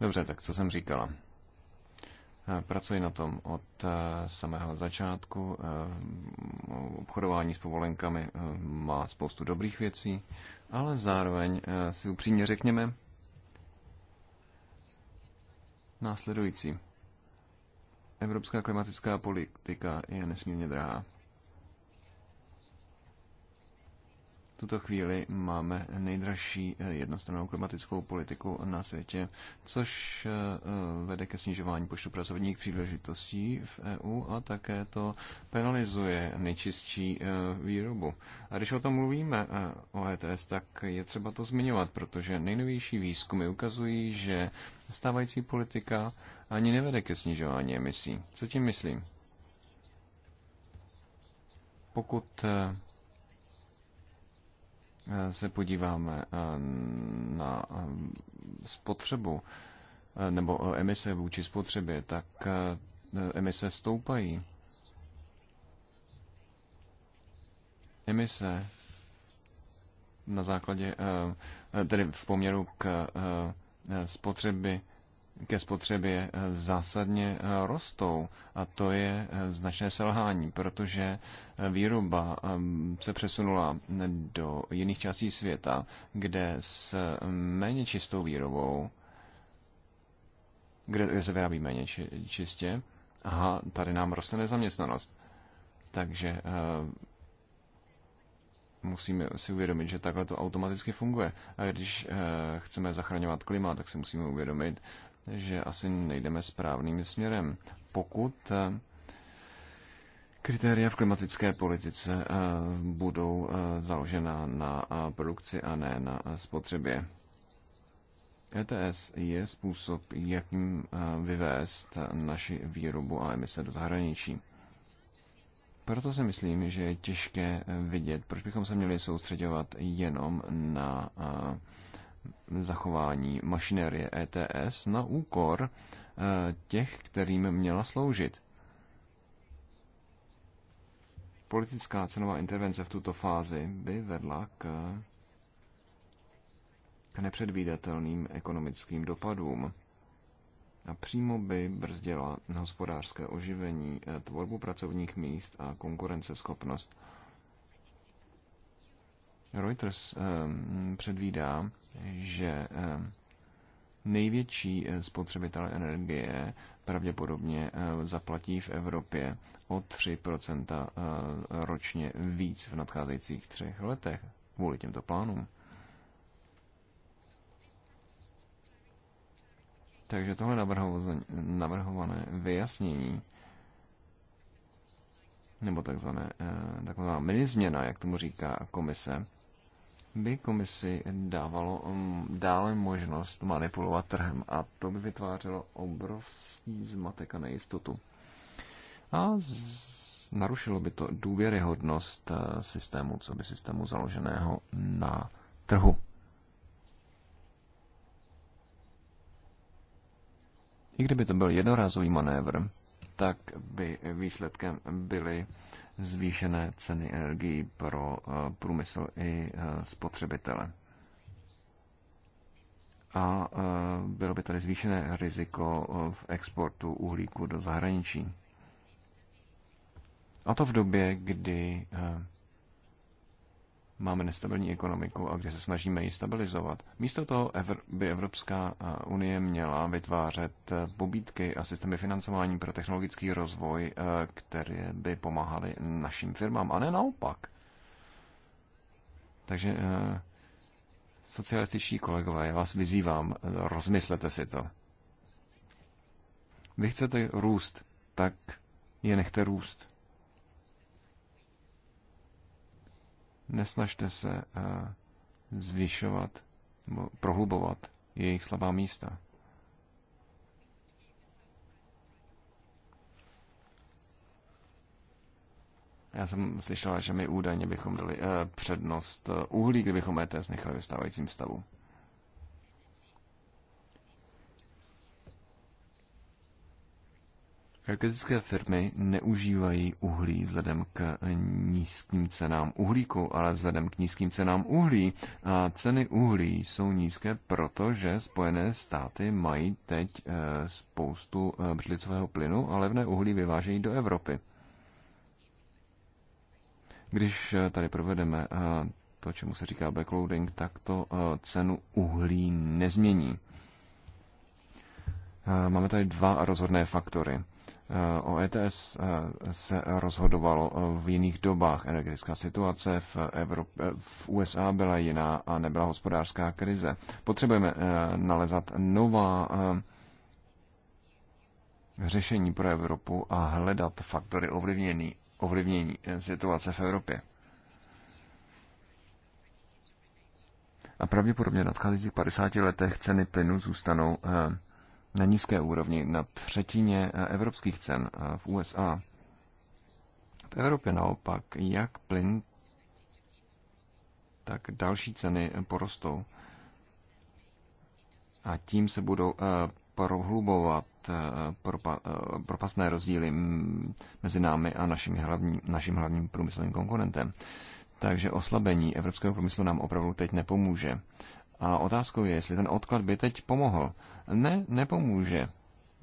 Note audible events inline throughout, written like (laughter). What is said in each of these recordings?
Dobře, tak co jsem říkala? Eh, pracuji na tom od eh, samého začátku. Eh, obchodování s povolenkami má spoustu dobrých věcí, ale zároveň si upřímně řekněme následující. Evropská klimatická politika je nesmírně drahá. tuto chvíli máme nejdražší eh, jednostrannou klimatickou politiku na světě, což eh, eh, vede ke snižování počtu pracovních příležitostí v EU a také to penalizuje nejčistší výrobu. A když o tom mluvíme o ETS, tak je třeba to zmiňovat, protože nejnovější výzkumy ukazují, že stávající politika ani nevede ke snižování emisí. Co tím myslím? Pokud se podíváme eh, na eh, spotřebu eh, nebo emise vůči spotřebě, tak emise stoupají. Emise na základě, tedy v poměru k spotřeby ke spotřebě eh, zásadně eh, rostou a to je eh, značné selhání, protože výroba ehm, se přesunula do jiných částí světa, kde s méně čistou výrobou, kde se vyrábí méně čistě, aha, tady nám roste nezaměstnanost. Takže musíme si uvědomit, že takhle to automaticky funguje. A když chceme zachraňovat klima, tak si musíme uvědomit, že asi nejdeme správným směrem, pokud eh, kritéria v klimatické politice eh, budou eh, založena na produkci a ne na spotřebě. ETS je způsob, jakým vyvést naši výrobu a emise do zahraničí. Proto si myslím, že je těžké vidět, proč bychom se měli soustředovat jenom na zachování mašinérie ETS na úkor eh, těch, kterým měla sloužit. Politická cenová intervence v tuto fázi by vedla k, k nepředvídatelným ekonomickým dopadům a přímo by brzdila hospodářské oživení, eh, tvorbu pracovních míst a konkurenceschopnost. Reuters eh, předvídá, že eh, největší eh, spotřebitel energie pravděpodobně zaplatí v Evropě o 3% ročně víc v nadcházejících třech letech kvůli těmto plánům. Takže tohle navrhované vyjasnění nebo takzvané, takzvaná minizměna, jak tomu říká komise, by komisi dávalo um, dále možnost manipulovat trhem a to by vytvářelo obrovský zmatek a nejistotu. A z... narušilo by to důvěryhodnost eh, systému, co by systému založeného na trhu. I kdyby to byl jednorázový manévr, tak by výsledkem byly zvýšené ceny energií pro eh, průmysl i eh, spotřebitele. A eh, bylo by tady zvýšené riziko v exportu uhlíku do zahraničí. A to v době, kdy máme nestabilní ekonomiku a kde se snažíme ji stabilizovat. Místo toho by Evropská unie měla vytvářet e, pobídky a systémy financování pro technologický rozvoj, e, které by pomáhaly našim firmám, a ne naopak. Takže e, socialističní kolegové, já vás vyzývám, rozmyslete si to. Vy chcete růst, tak je nechte růst. Nesnažte se eh, zvyšovat nebo prohlubovat jejich slabá místa. Já jsem slyšela, že my údajně bychom dali eh, přednost eh, uhlí, kdybychom ETS nechali ve stávajícím stavu. Energetické firmy neužívají uhlí vzhledem k nízkým cenám uhlíku, ale vzhledem k nízkým cenám uhlí. A ceny uhlí jsou nízké, protože Spojené státy mají teď eh, spoustu eh, břlicového plynu a levné uhlí vyvážejí do Evropy. Když eh, tady provedeme to, čemu se říká backloading, tak to cenu uhlí nezmění. Máme tady dva rozhodné faktory. O ETS eh, se rozhodovalo eh, v jiných dobách. Energetická situace v, Evropě, eh, v USA byla jiná a nebyla hospodářská krize. Potřebujeme nalezat nová řešení pro Evropu a hledat faktory ovlivnění, ovlivnění situace v Evropě. A pravděpodobně v nadcházejících 50 letech ceny plynu zůstanou na nízké úrovni, na třetině eh, evropských cen eh, v USA. V Evropě naopak, jak plyn, tak další ceny eh, porostou. A tím se budou prohlubovat propastné rozdíly mezi námi a naším hlavním, hlavním průmyslovým konkurentem. Takže oslabení evropského průmyslu nám opravdu teď nepomůže. A otázkou je, jestli ten odklad by teď pomohl. Ne, nepomůže.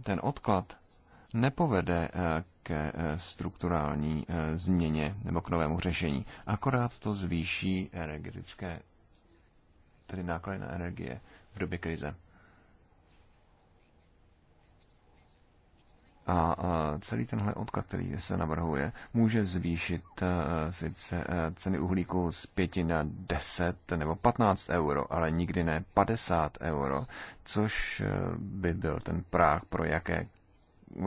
Ten odklad nepovede eh, ke eh, strukturální eh, změně nebo k novému řešení. Akorát to zvýší energetické, tedy náklady na energie v době krize. A celý tenhle odklad, který se navrhuje, může zvýšit e, sice e, ceny uhlíku z 5 na 10 nebo 15 euro, ale nikdy ne 50 euro, což e, by byl ten práh pro jaké,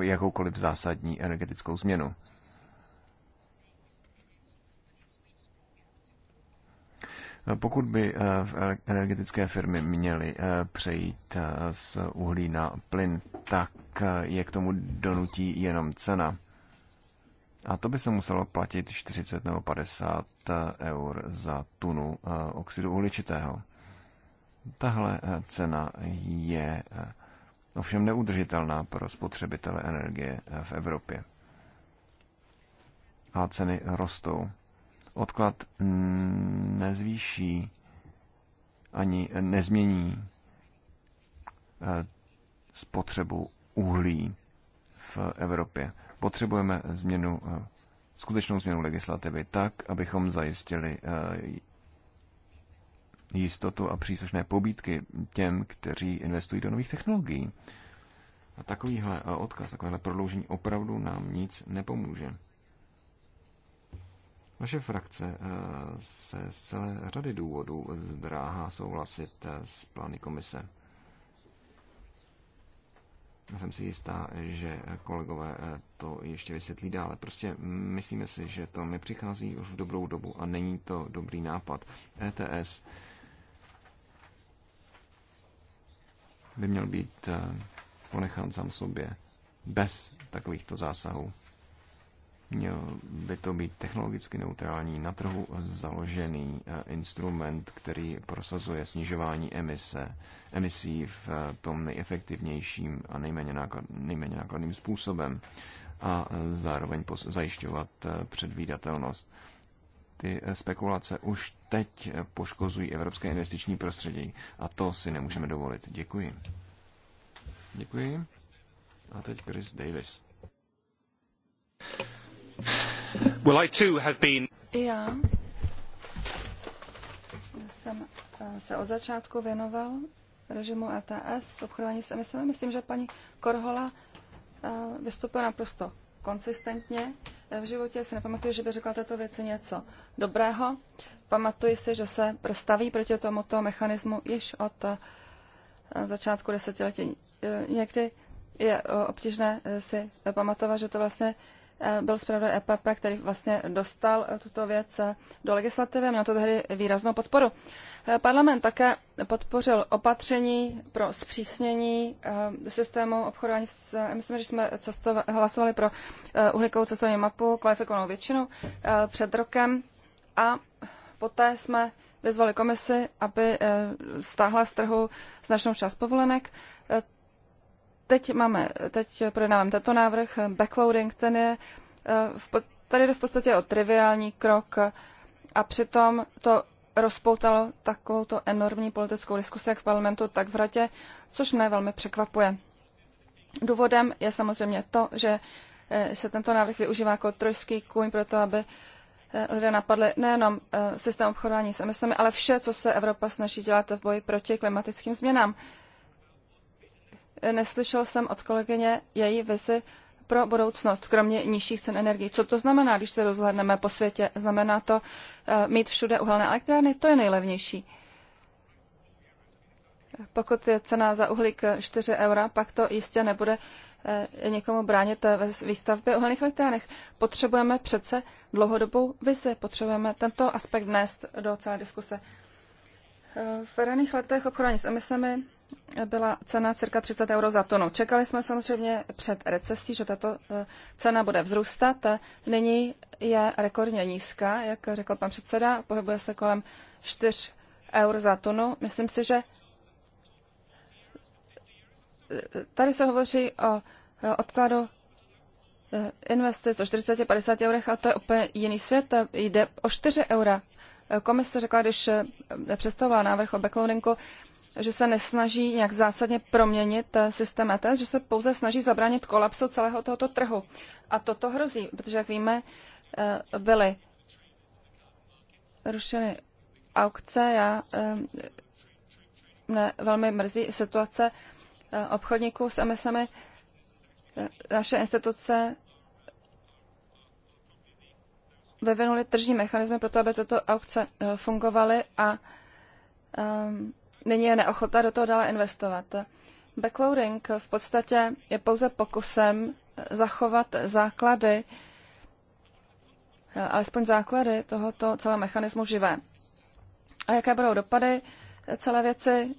jakoukoliv zásadní energetickou změnu. Pokud by eh, energetické firmy měly eh, přejít eh, z uhlí na plyn, tak je k tomu donutí jenom cena. A to by se muselo platit 40 nebo 50 eur za tunu oxidu uhličitého. Tahle cena je ovšem neudržitelná pro spotřebitele energie v Evropě. A ceny rostou odklad nezvýší ani nezmění eh, spotřebu uhlí v Evropě. Potřebujeme změnu, eh, skutečnou změnu legislativy tak, abychom zajistili eh, jistotu a příslušné pobídky těm, kteří investují do nových technologií. A takovýhle odkaz, takovéhle prodloužení opravdu nám nic nepomůže. Naše frakce eh, se z celé řady důvodů zdráhá souhlasit eh, s plány komise. Jsem si jistá, že kolegové eh, to ještě vysvětlí dále. Prostě myslíme si, že to nepřichází v dobrou dobu a není to dobrý nápad. ETS by měl být ponechán sám sobě bez takovýchto zásahů. Měl by to být technologicky neutrální, na trhu založený eh, instrument, který prosazuje snižování emise, emisí v eh, tom nejefektivnějším a nejméně, náklad, nejméně nákladným způsobem a eh, zároveň zajišťovat předvídatelnost. Ty spekulace už teď poškozují evropské investiční prostředí a to si nemůžeme dovolit. Děkuji. Děkuji. A teď Chris Davis. I Já jsem eh, se od začátku věnoval režimu ETS, obchodování s emisemi. Myslím, že paní Korhola eh, vystoupila naprosto konsistentně. V životě si nepamatuju, že by řekla této věci něco dobrého. Pamatuji si, že se staví proti tomuto mechanismu již od eh, začátku desetiletí. Někdy je obtížné si pamatovat, že to vlastně Eh, byl zpravodaj EPP, který vlastně dostal eh, tuto věc eh, do legislativy a měl to tehdy výraznou podporu. Parlament také podpořil opatření pro zpřísnění systému obchodování s myslím, že jsme cestova, hlasovali pro uhlíkovou cestovní mapu kvalifikovanou většinu před rokem a poté jsme vyzvali komisi, aby stáhla z trhu značnou část povolenek. Teď máme, teď projednáváme tento návrh, backloading, ten je, eh, v, tady jde v podstatě o triviální krok a přitom to rozpoutalo to enormní politickou diskusi jak v parlamentu, tak v radě, což mě velmi překvapuje. Důvodem je samozřejmě to, že eh, se tento návrh využívá jako trojský kůň pro to, aby eh, lidé napadli nejenom systém obchodování s emisemi, ale vše, co se Evropa snaží dělat v boji proti klimatickým změnám neslyšel jsem od kolegyně její vizi pro budoucnost, kromě nižších cen energii. Co to znamená, když se rozhledneme po světě? Znamená to eh, mít všude uhelné elektrárny? To je nejlevnější. Pokud je cena za uhlík 4 eura, pak to jistě nebude eh, někomu bránit ve výstavbě uhelných elektrárnech. Potřebujeme přece dlouhodobou vizi, potřebujeme tento aspekt vnést do celé diskuse. Eh, v raných letech obchodování s emisemi byla cena cirka 30 euro za tonu. Čekali jsme samozřejmě před recesí, že tato eh, cena bude vzrůstat. Nyní je rekordně nízká, jak řekl pan předseda, pohybuje se kolem 4 eur za tonu. Myslím si, že eh, tady se hovoří o odkladu investic o 40-50 eurech, ale to je úplně jiný svět. Jde o 4 eura komise řekla, když eh, představovala návrh o backloadingu, že se nesnaží nějak zásadně proměnit eh, systém ETS, že se pouze snaží zabránit kolapsu celého tohoto trhu. A toto hrozí, protože, jak víme, eh, byly rušeny aukce. Já mne velmi mrzí situace obchodníků s emisemi. Naše instituce vyvinuli tržní mechanismy pro to, aby toto aukce eh, fungovaly a um, nyní je neochota do toho dále investovat. Backloading v podstatě je pouze pokusem eh, zachovat základy, eh, alespoň základy tohoto celého mechanismu živé. A jaké budou dopady celé věci?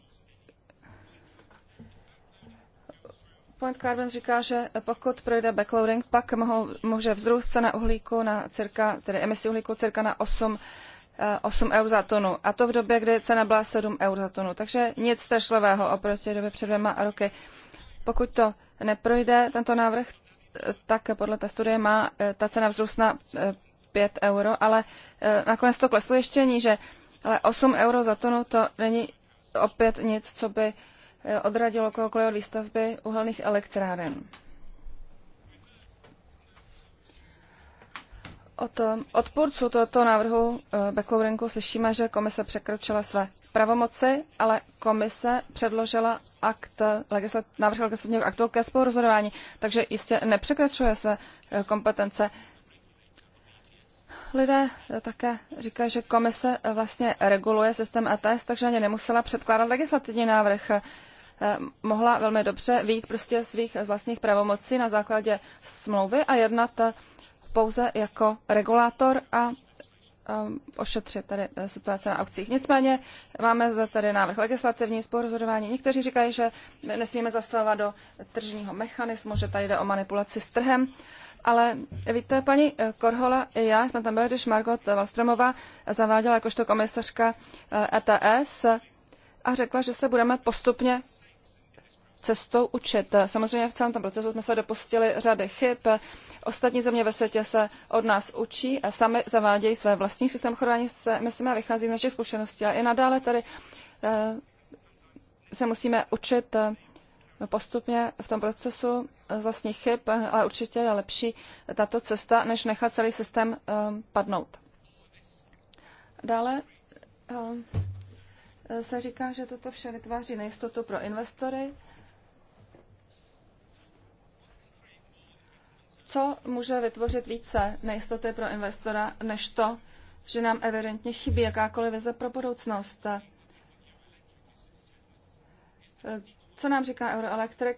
Point Carbon říká, že pokud projde backloading, pak mohou, může vzrůst cena uhlíku na cirka, tedy emisi uhlíku cirka na 8, 8 eh, eur za tonu. A to v době, kdy cena byla 7 eur za tonu. Takže nic strašlivého oproti době před dvěma roky. Pokud to neprojde, tento návrh, eh, tak podle té studie má eh, ta cena vzrůst na 5 euro, ale nakonec to kleslo ještě níže. Ale 8 euro za tonu to není opět nic, co by Eh, odradilo kohokoliv od výstavby uhelných elektráren. Od odpůrců tohoto návrhu eh, backloadingu slyšíme, že komise překročila své pravomoci, ale komise předložila akt, legislat, návrh legislativního aktu ke spolurozhodování, takže jistě nepřekračuje své eh, kompetence. Lidé také říkají, že komise vlastně reguluje systém ETS, takže ani nemusela předkládat legislativní návrh. Eh, mohla velmi dobře výjít prostě svých z vlastních pravomocí na základě smlouvy a jednat eh, pouze jako regulátor a eh, ošetřit tady situace na aukcích. Nicméně máme zde tady návrh legislativní, spolurozhodování. Někteří říkají, že nesmíme zastavovat do tržního mechanismu, že tady jde o manipulaci s trhem. Ale víte, paní Korhola i já jsme tam byli, když Margot Valstromová zaváděla jakožto komisařka ETS e a řekla, že se budeme postupně cestou učit. Samozřejmě v celém tom procesu jsme se dopustili řady chyb. Ostatní země ve světě se od nás učí a sami zavádějí své vlastní systém chování se, myslíme, vychází z našich zkušeností. A i nadále tady eh, se musíme učit eh, postupně v tom procesu z eh, vlastních chyb, ale určitě je lepší tato cesta, než nechat celý systém padnout. Dále se říká, že toto vše vytváří nejistotu pro investory co může vytvořit více nejistoty pro investora, než to, že nám evidentně chybí jakákoliv vize pro budoucnost. Co nám říká Euroelectric?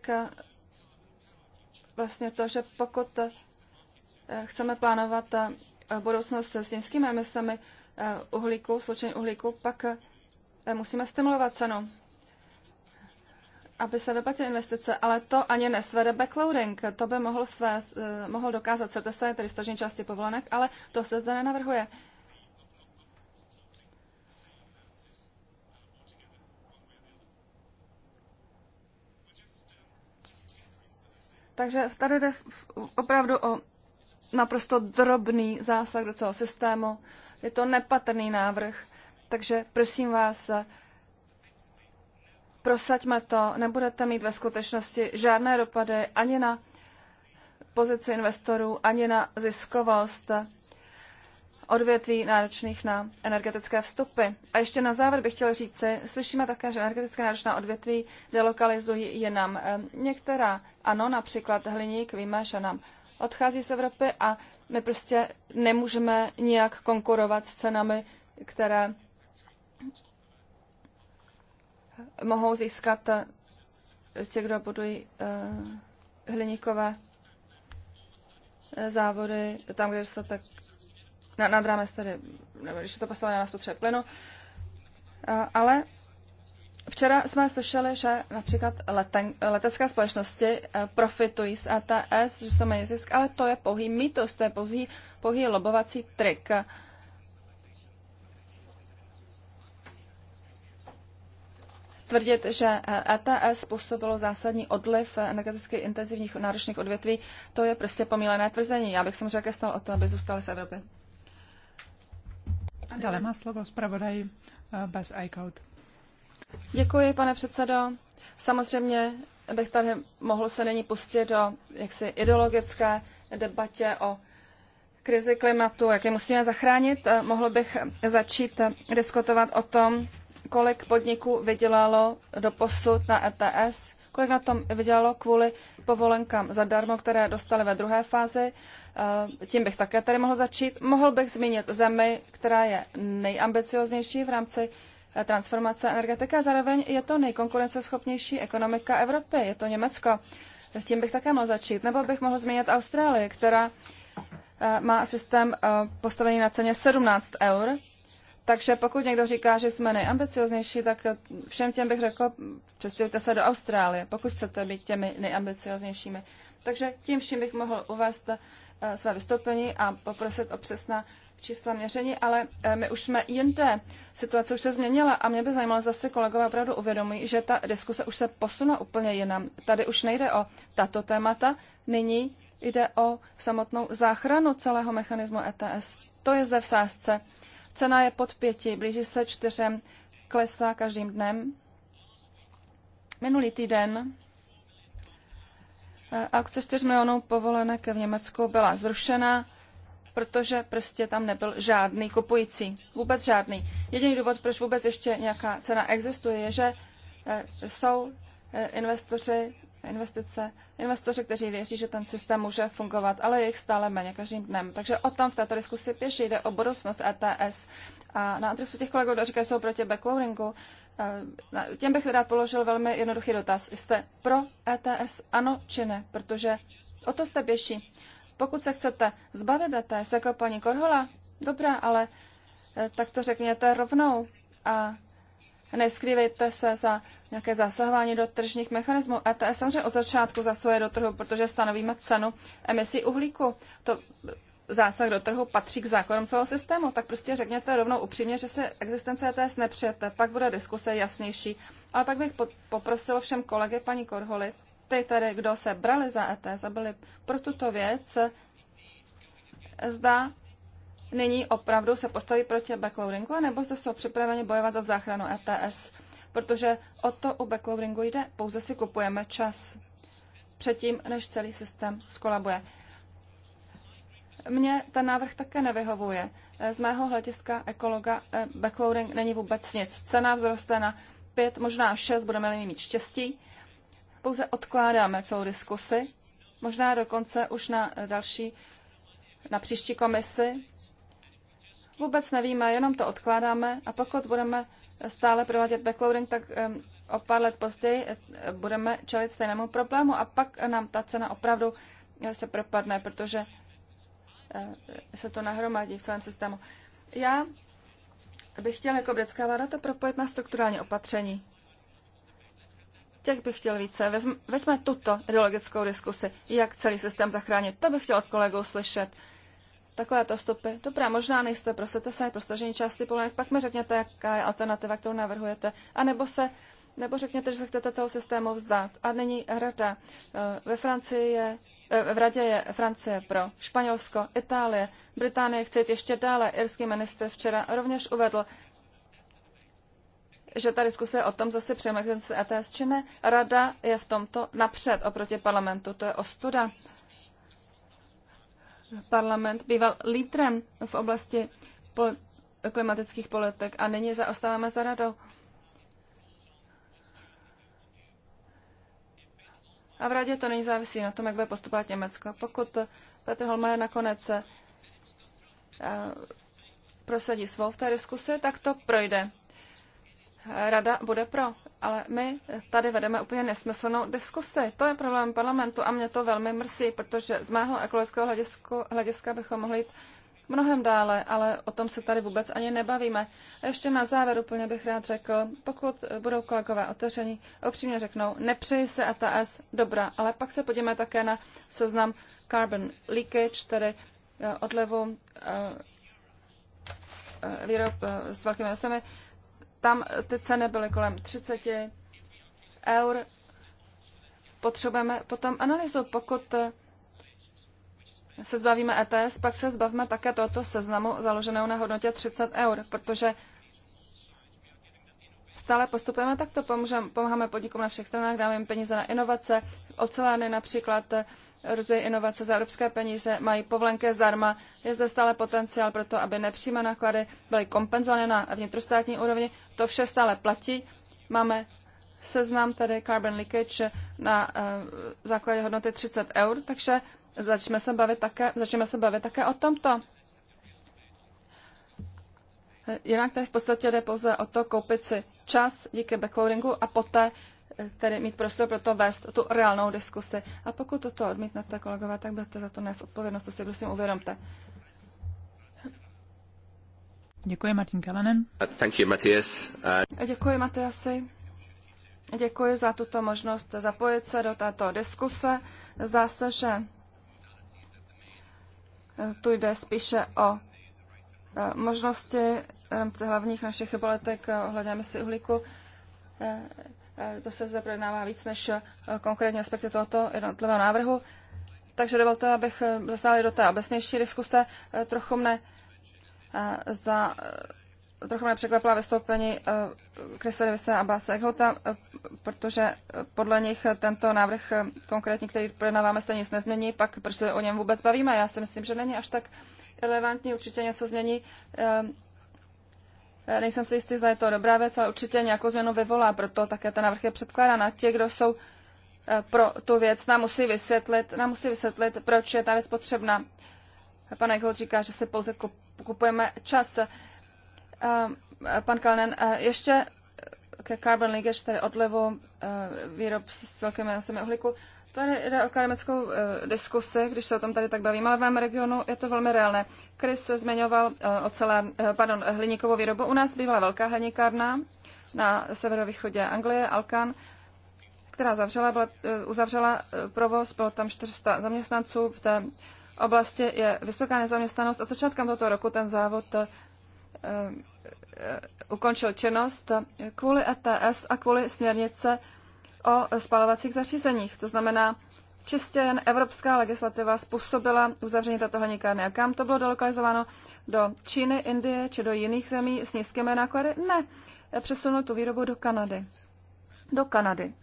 Vlastně to, že pokud eh, chceme plánovat eh, budoucnost s nízkými emisemi eh, uhlíku, slučení uhlíku, pak musíme stimulovat cenu aby se vyplatily investice, ale to ani nesvede backloading. To by mohl, své, eh, mohl dokázat se testovat, tedy stažení části povolenek, ale to se zde nenavrhuje. Takže tady jde opravdu o naprosto drobný zásah do celého systému. Je to nepatrný návrh, takže prosím vás, prosaďme to, nebudete mít ve skutečnosti žádné dopady ani na pozici investorů, ani na ziskovost odvětví náročných na energetické vstupy. A ještě na závěr bych chtěl říci, slyšíme také, že energetické náročná odvětví delokalizují jenom e, Některá, ano, například hliník, víme, že nám odchází z Evropy a my prostě nemůžeme nijak konkurovat s cenami, které mohou získat eh, ti, kdo budují eh, hliníkové eh, závody, tam, kde se tak na, nad rámec tedy, nebo když je to postavené na spotřebě plynu. Ale včera jsme slyšeli, že například leten, letecké společnosti profitují z ETS, že to mají zisk, ale to je pouhý mýtus, to je pouhý, pouhý lobovací trik. tvrdit, že ETS způsobilo zásadní odliv energeticky intenzivních náročných odvětví, to je prostě pomílené tvrzení. Já bych samozřejmě stal o to, aby zůstali v Evropě. Dále má slovo zpravodaj eh, bez iCode. Děkuji, pane předsedo. Samozřejmě bych tady mohl se nyní pustit do jaksi ideologické debatě o krizi klimatu, jak je musíme zachránit. Eh, mohl bych začít eh, diskutovat o tom, kolik podniků vydělalo do posud na ETS, kolik na tom vydělalo kvůli povolenkám zadarmo, které dostali ve druhé fázi. Eh, tím bych také tady mohl začít. Mohl bych zmínit zemi, která je nejambicioznější v rámci eh, transformace energetiky a zároveň je to nejkonkurenceschopnější ekonomika Evropy, je to Německo. S tím bych také mohl začít. Nebo bych mohl zmínit Austrálii, která eh, má systém postavený na ceně 17 eur takže pokud někdo říká, že jsme nejambicioznější, tak všem těm bych řekl, přestěhujte se do Austrálie, pokud chcete být těmi nejambicioznějšími. Takže tím vším bych mohl uvést eh, své vystoupení a poprosit o přesná čísla měření, ale eh, my už jsme jinde. Situace už se změnila a mě by zajímalo, zase kolegové opravdu uvědomují, že ta diskuse už se posunula úplně jinam. Tady už nejde o tato témata, nyní jde o samotnou záchranu celého mechanismu ETS. To je zde v sázce. Cena je pod pěti, blíží se čtyřem, klesá každým dnem. Minulý týden eh, Akce 4 milionů povolenek v Německu byla zrušena, protože prostě tam nebyl žádný kupující. Vůbec žádný. Jediný důvod, proč vůbec ještě nějaká cena existuje, je, že eh, jsou eh, investoři investice, investoři, kteří věří, že ten systém může fungovat, ale je jich stále méně každým dnem. Takže o tom v této diskusi pěší jde o budoucnost ETS. A na adresu těch kolegů, kteří jsou proti backloadingu, eh, těm bych rád položil velmi jednoduchý dotaz. Jste pro ETS ano či ne? Protože o to jste pěší. Pokud se chcete zbavit ETS jako paní Korhola, dobrá, ale eh, tak to řekněte rovnou a neskrývejte se za nějaké zasahování do tržních mechanismů. ETS samozřejmě od začátku zasahuje do trhu, protože stanovíme cenu emisí uhlíku. To zásah do trhu patří k zákonům celého systému, tak prostě řekněte rovnou upřímně, že se existence ETS nepřijete, pak bude diskuse jasnější. Ale pak bych poprosil všem kolegy, paní Korholy, ty tedy, kdo se brali za ETS a byli pro tuto věc, zda nyní opravdu se postaví proti backloadingu, nebo zda jsou připraveni bojovat za záchranu ETS protože o to u backloadingu jde. Pouze si kupujeme čas předtím, než celý systém skolabuje. Mně ten návrh také nevyhovuje. Z mého hlediska ekologa eh, backloading není vůbec nic. Cena vzroste na pět, možná šest, budeme-li mít štěstí. Pouze odkládáme celou diskusi, možná dokonce už na eh, další, na příští komisi, vůbec nevíme, jenom to odkládáme a pokud budeme stále provádět backloading, tak o pár let později eh, budeme čelit stejnému problému a pak nám ta cena opravdu eh, se propadne, protože eh, se to nahromadí v celém systému. Já bych chtěl jako britská vláda to propojit na strukturální opatření. Těch bych chtěl více. Vezm, veďme tuto ideologickou diskusi, jak celý systém zachránit. To bych chtěl od kolegů slyšet takovéto stopy. Dobrá, možná nejste pro se pro stažení části povolenek, pak mi řekněte, jaká je alternativa, kterou navrhujete. A nebo se nebo řekněte, že se chcete toho systému vzdát. A není rada. Eh, ve Francii je eh, v radě je Francie pro, Španělsko, Itálie, Británie chce jít ještě dále. Irský ministr včera rovněž uvedl, že ta diskuse je o tom, zase přejeme existenci ETS či ne. Rada je v tomto napřed oproti parlamentu. To je ostuda parlament býval lídrem v oblasti pol- klimatických politik a nyní zaostáváme za radou. A v radě to není závisí na tom, jak bude postupovat Německo. Pokud Petr Holmeier nakonec eh, prosadí svou v té diskusi, tak to projde. Rada bude pro ale my tady vedeme úplně nesmyslnou diskusi. To je problém parlamentu a mě to velmi mrzí, protože z mého ekologického hlediska, hlediska bychom mohli jít mnohem dále, ale o tom se tady vůbec ani nebavíme. A ještě na závěr úplně bych rád řekl, pokud budou kolegové otevření, upřímně řeknou, nepřeji se ATS, dobrá, ale pak se podíme také na seznam carbon leakage, tedy eh, odlevu eh, eh, výrob s velkými lesemi, tam ty ceny byly kolem 30 eur. Potřebujeme potom analýzu. Pokud se zbavíme ETS, pak se zbavíme také tohoto seznamu založeného na hodnotě 30 eur, protože stále postupujeme takto. Pomůžeme, pomáháme podnikům na všech stranách, dáme jim peníze na inovace. Ocelány například eh, rozvoje inovace za evropské peníze mají povolenky zdarma. Je zde stále potenciál pro to, aby nepřímé náklady byly kompenzovány na vnitrostátní úrovni. To vše stále platí. Máme seznam tedy carbon leakage na eh, základě hodnoty 30 eur, takže začneme se bavit také, začneme se bavit také o tomto. Jinak tady v podstatě jde pouze o to koupit si čas díky backloadingu a poté eh, tedy mít prostor pro to vést tu reálnou diskusi. A pokud toto odmítnete, kolegové, tak budete za to nést odpovědnost, to si prosím uvědomte. Děkuji, Martin Kalanen. Uh, thank you, Matthias. Uh, děkuji, Matiasi. Děkuji za tuto možnost zapojit se do této diskuse. Zdá se, že tu jde spíše o Eh, možnosti eh, v rámci hlavních našich politik eh, ohledně emisí uhlíku. To se zde projednává víc než konkrétní aspekty tohoto jednotlivého návrhu. Takže dovolte, abych zasáhl do té obecnější diskuse. Trochu mne, za, trochu mne překvapila vystoupení Krise Davise a Basa protože podle nich tento návrh konkrétní, který projednáváme, se nic nezmění, pak proč prostě se o něm vůbec bavíme. Já si myslím, že není až tak relevantní, určitě něco změní. Ehm, eh, nejsem si jistý, zda je to dobrá věc, ale určitě nějakou změnu vyvolá, proto také ten návrh je předkládán. A ti, kdo jsou eh, pro tu věc, nám musí vysvětlit, nám musí vysvětlit proč je ta věc potřebná. Pan Eichholt říká, že si pouze kupujeme čas. Ehm, eh, pan Kalnen, ještě ke Carbon Leakage, tedy odlevu výrob s velkými emisemi uhlíku. Tady jde o akademickou uh, diskusi, když se o tom tady tak bavím, ale v mém regionu je to velmi reálné. Chris zmiňoval eh, o celé, uh, pardon, hliníkovou výrobu. U nás bývala velká hliníkárna na severovýchodě Anglie, Alkan, která zavřela, byla, uh, uzavřela uh, provoz, bylo tam 400 zaměstnanců. V té oblasti je vysoká nezaměstnanost a začátkem tohoto roku ten závod uh, uh, ukončil činnost kvůli ETS a kvůli směrnice o spalovacích zařízeních. To znamená, čistě jen evropská legislativa způsobila uzavření tato hliníkárny. A kam to bylo dolokalizováno? Do Číny, Indie či do jiných zemí s nízkými náklady? Ne. Přesunul tu výrobu do Kanady. Do Kanady.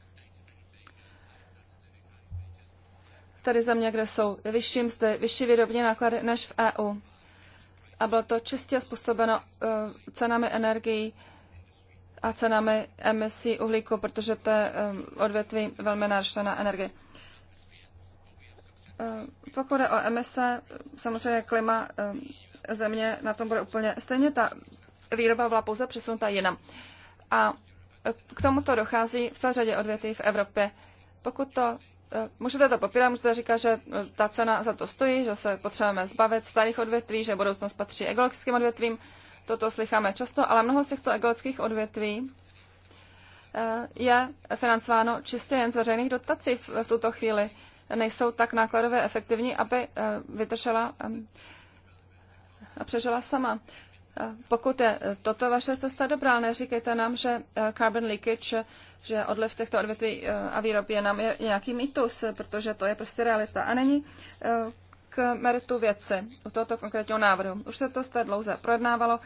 Tady země, kde jsou vyšší mzdy, vyšší výrobní náklady než v EU. A bylo to čistě způsobeno uh, cenami energií, a cenami emisí uhlíku, protože to je odvětví velmi náročné na energii. Pokud jde o emise, samozřejmě klima země na tom bude úplně stejně. Ta výroba byla pouze přesunuta jinam. A k tomuto dochází v celé řadě odvětví v Evropě. Pokud to e, Můžete to popírat, můžete říkat, že e, ta cena za to stojí, že se potřebujeme zbavit starých odvětví, že budoucnost patří ekologickým odvětvím, toto slycháme často, ale mnoho z těchto ekologických odvětví eh, je financováno čistě jen z veřejných dotací v, tuto chvíli. Nejsou tak nákladově efektivní, aby eh, vytržela eh, a přežila sama. Pokud je toto vaše cesta dobrá, neříkejte nám, že carbon leakage, že odliv těchto odvětví a výrob je nám je nějaký mýtus, protože to je prostě realita. A není k meritu věci u tohoto konkrétního návrhu. Už se to zde dlouze projednávalo.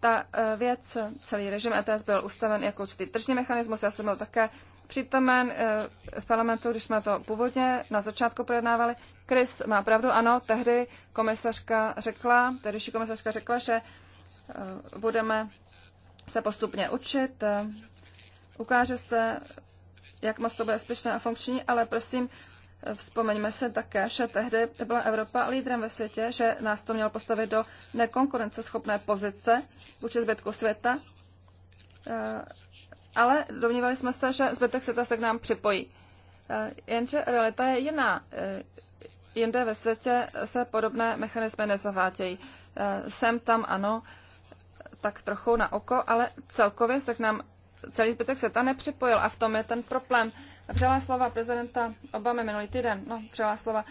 Ta e, věc, celý režim ETS byl ustaven jako určitý tržní mechanismus. Já jsem byl také přítomen e, v parlamentu, když jsme to původně na začátku projednávali. Chris má pravdu, ano, tehdy komisařka řekla, tehdejší komisařka řekla, že e, budeme se postupně učit. Ukáže se, jak moc to bude úspěšné a funkční, ale prosím, Vzpomeňme se také, že tehdy byla Evropa lídrem ve světě, že nás to mělo postavit do nekonkurenceschopné pozice vůči zbytku světa, eh, ale domnívali jsme se, že zbytek světa se k nám připojí. Eh, jenže realita je jiná. Eh, jinde ve světě se podobné mechanismy nezavádějí. Sem tam ano, tak trochu na oko, ale celkově se k nám celý zbytek světa nepřipojil a v tom je ten problém vřelá slova prezidenta Obamy minulý týden. No, vřelá slova.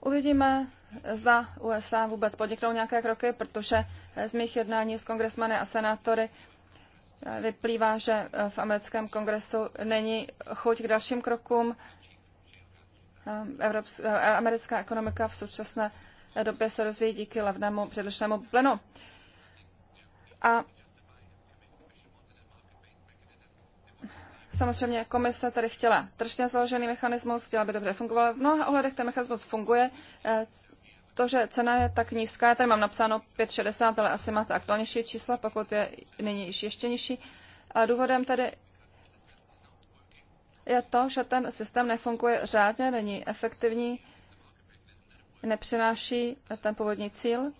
Uvidíme, zda USA vůbec podniknou nějaké kroky, protože z mých jednání s kongresmany a senátory eh, vyplývá, že eh, v americkém kongresu není chuť k dalším krokům. Eh, Evropská, americká ekonomika v současné době se rozvíjí díky levnému předlišnému plynu. A Samozřejmě komise tady chtěla tržně založený mechanismus, chtěla by dobře fungoval. V mnoha ohledech ten mechanismus funguje. Eh, to, že cena je tak nízká, já tady mám napsáno 5,60, ale asi máte aktuálnější čísla, pokud je nyní ještě nižší. A důvodem tady je to, že ten systém nefunguje řádně, není efektivní, nepřináší ten původní cíl.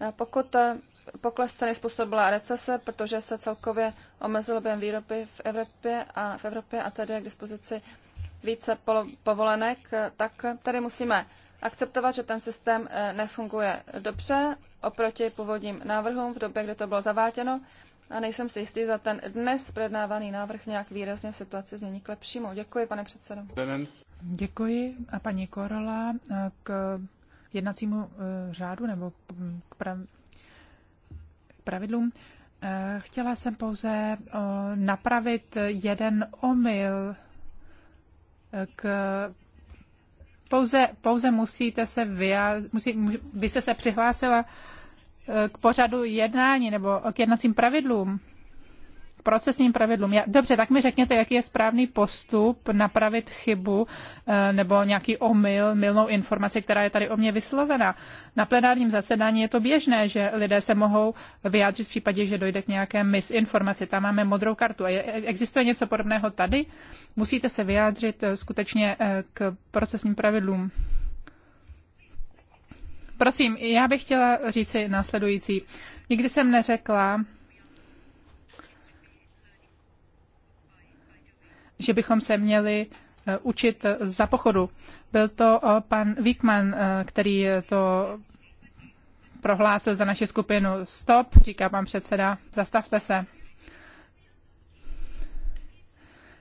Eh, pokud eh, Pokles ceny způsobila recese, protože se celkově omezil během výroby v Evropě a v Evropě a tedy je k dispozici více povolenek, tak tady musíme akceptovat, že ten systém eh, nefunguje dobře oproti původním návrhům v době, kdy to bylo zaváděno a nejsem si jistý, za ten dnes projednávaný návrh nějak výrazně situaci změní k lepšímu. Děkuji, pane předsedo. Děkuji. A paní Korola eh, k jednacímu eh, řádu nebo k, pra, pravidlům. Eh, chtěla jsem pouze eh, napravit jeden omyl eh, k pouze, pouze musíte se vyjádřit, musí, byste se přihlásila k pořadu jednání nebo k jednacím pravidlům procesním pravidlům. Já, dobře, tak mi řekněte, jaký je správný postup napravit chybu eh, nebo nějaký omyl, milnou informaci, která je tady o mě vyslovena. Na plenárním zasedání je to běžné, že lidé se mohou vyjádřit v případě, že dojde k nějaké misinformaci. Tam máme modrou kartu. A je, e- existuje něco podobného tady? Musíte se vyjádřit eh, skutečně eh, k procesním pravidlům. Prosím, já bych chtěla říci následující. Nikdy jsem neřekla, že bychom se měli eh, učit eh, za pochodu. Byl to eh, pan Wickman, který to prohlásil za naši skupinu. Stop, říká pan předseda, zastavte se.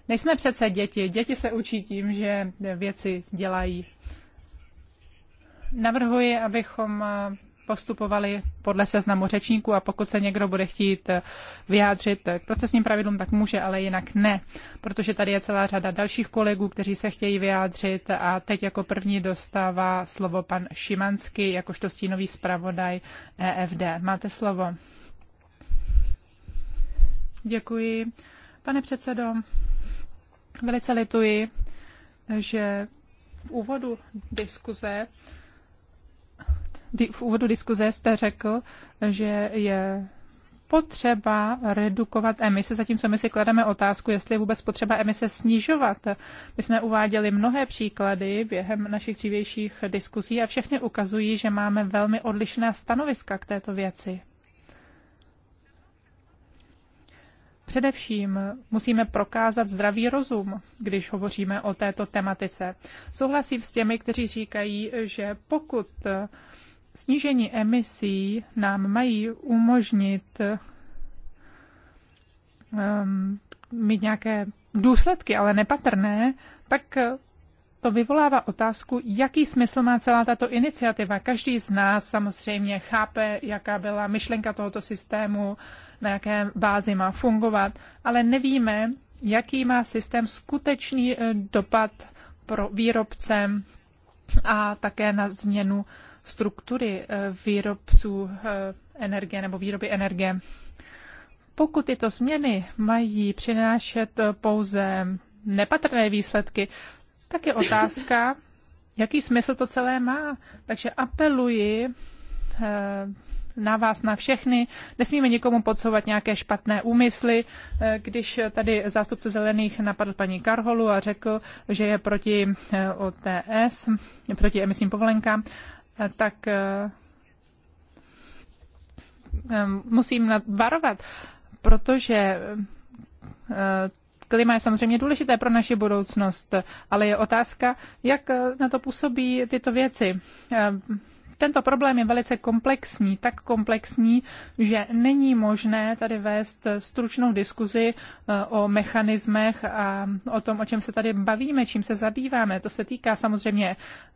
Nejsme přece děti. Děti se učí tím, že věci dělají. Navrhuji, abychom postupovali podle seznamu řečníků a pokud se někdo bude chtít vyjádřit k procesním pravidlům, tak může, ale jinak ne, protože tady je celá řada dalších kolegů, kteří se chtějí vyjádřit a teď jako první dostává slovo pan Šimanský, jakožto stínový zpravodaj EFD. Máte slovo. Děkuji. Pane předsedo, velice lituji, že v úvodu diskuze v úvodu diskuze jste řekl, že je potřeba redukovat emise, zatímco my si klademe otázku, jestli je vůbec potřeba emise snižovat. My jsme uváděli mnohé příklady během našich dřívějších diskuzí a všechny ukazují, že máme velmi odlišná stanoviska k této věci. Především musíme prokázat zdravý rozum, když hovoříme o této tematice. Souhlasím s těmi, kteří říkají, že pokud snížení emisí nám mají umožnit um, mít nějaké důsledky, ale nepatrné, tak to vyvolává otázku, jaký smysl má celá tato iniciativa. Každý z nás samozřejmě chápe, jaká byla myšlenka tohoto systému, na jaké bázi má fungovat, ale nevíme, jaký má systém skutečný eh, dopad pro výrobce a také na změnu struktury eh, výrobců eh, energie nebo výroby energie. Pokud tyto změny mají přinášet eh, pouze nepatrné výsledky, tak je otázka, (laughs) jaký smysl to celé má. Takže apeluji na vás, na všechny. Nesmíme nikomu podsouvat nějaké špatné úmysly. Když tady zástupce zelených napadl paní Karholu a řekl, že je proti OTS, proti emisním povolenkám, tak eh, eh, musím varovat, protože eh, klima je samozřejmě důležité pro naši budoucnost, ale je otázka, jak na to působí tyto věci. Tento problém je velice komplexní, tak komplexní, že není možné tady vést stručnou diskuzi eh, o mechanismech a o tom, o čem se tady bavíme, čím se zabýváme. To se týká samozřejmě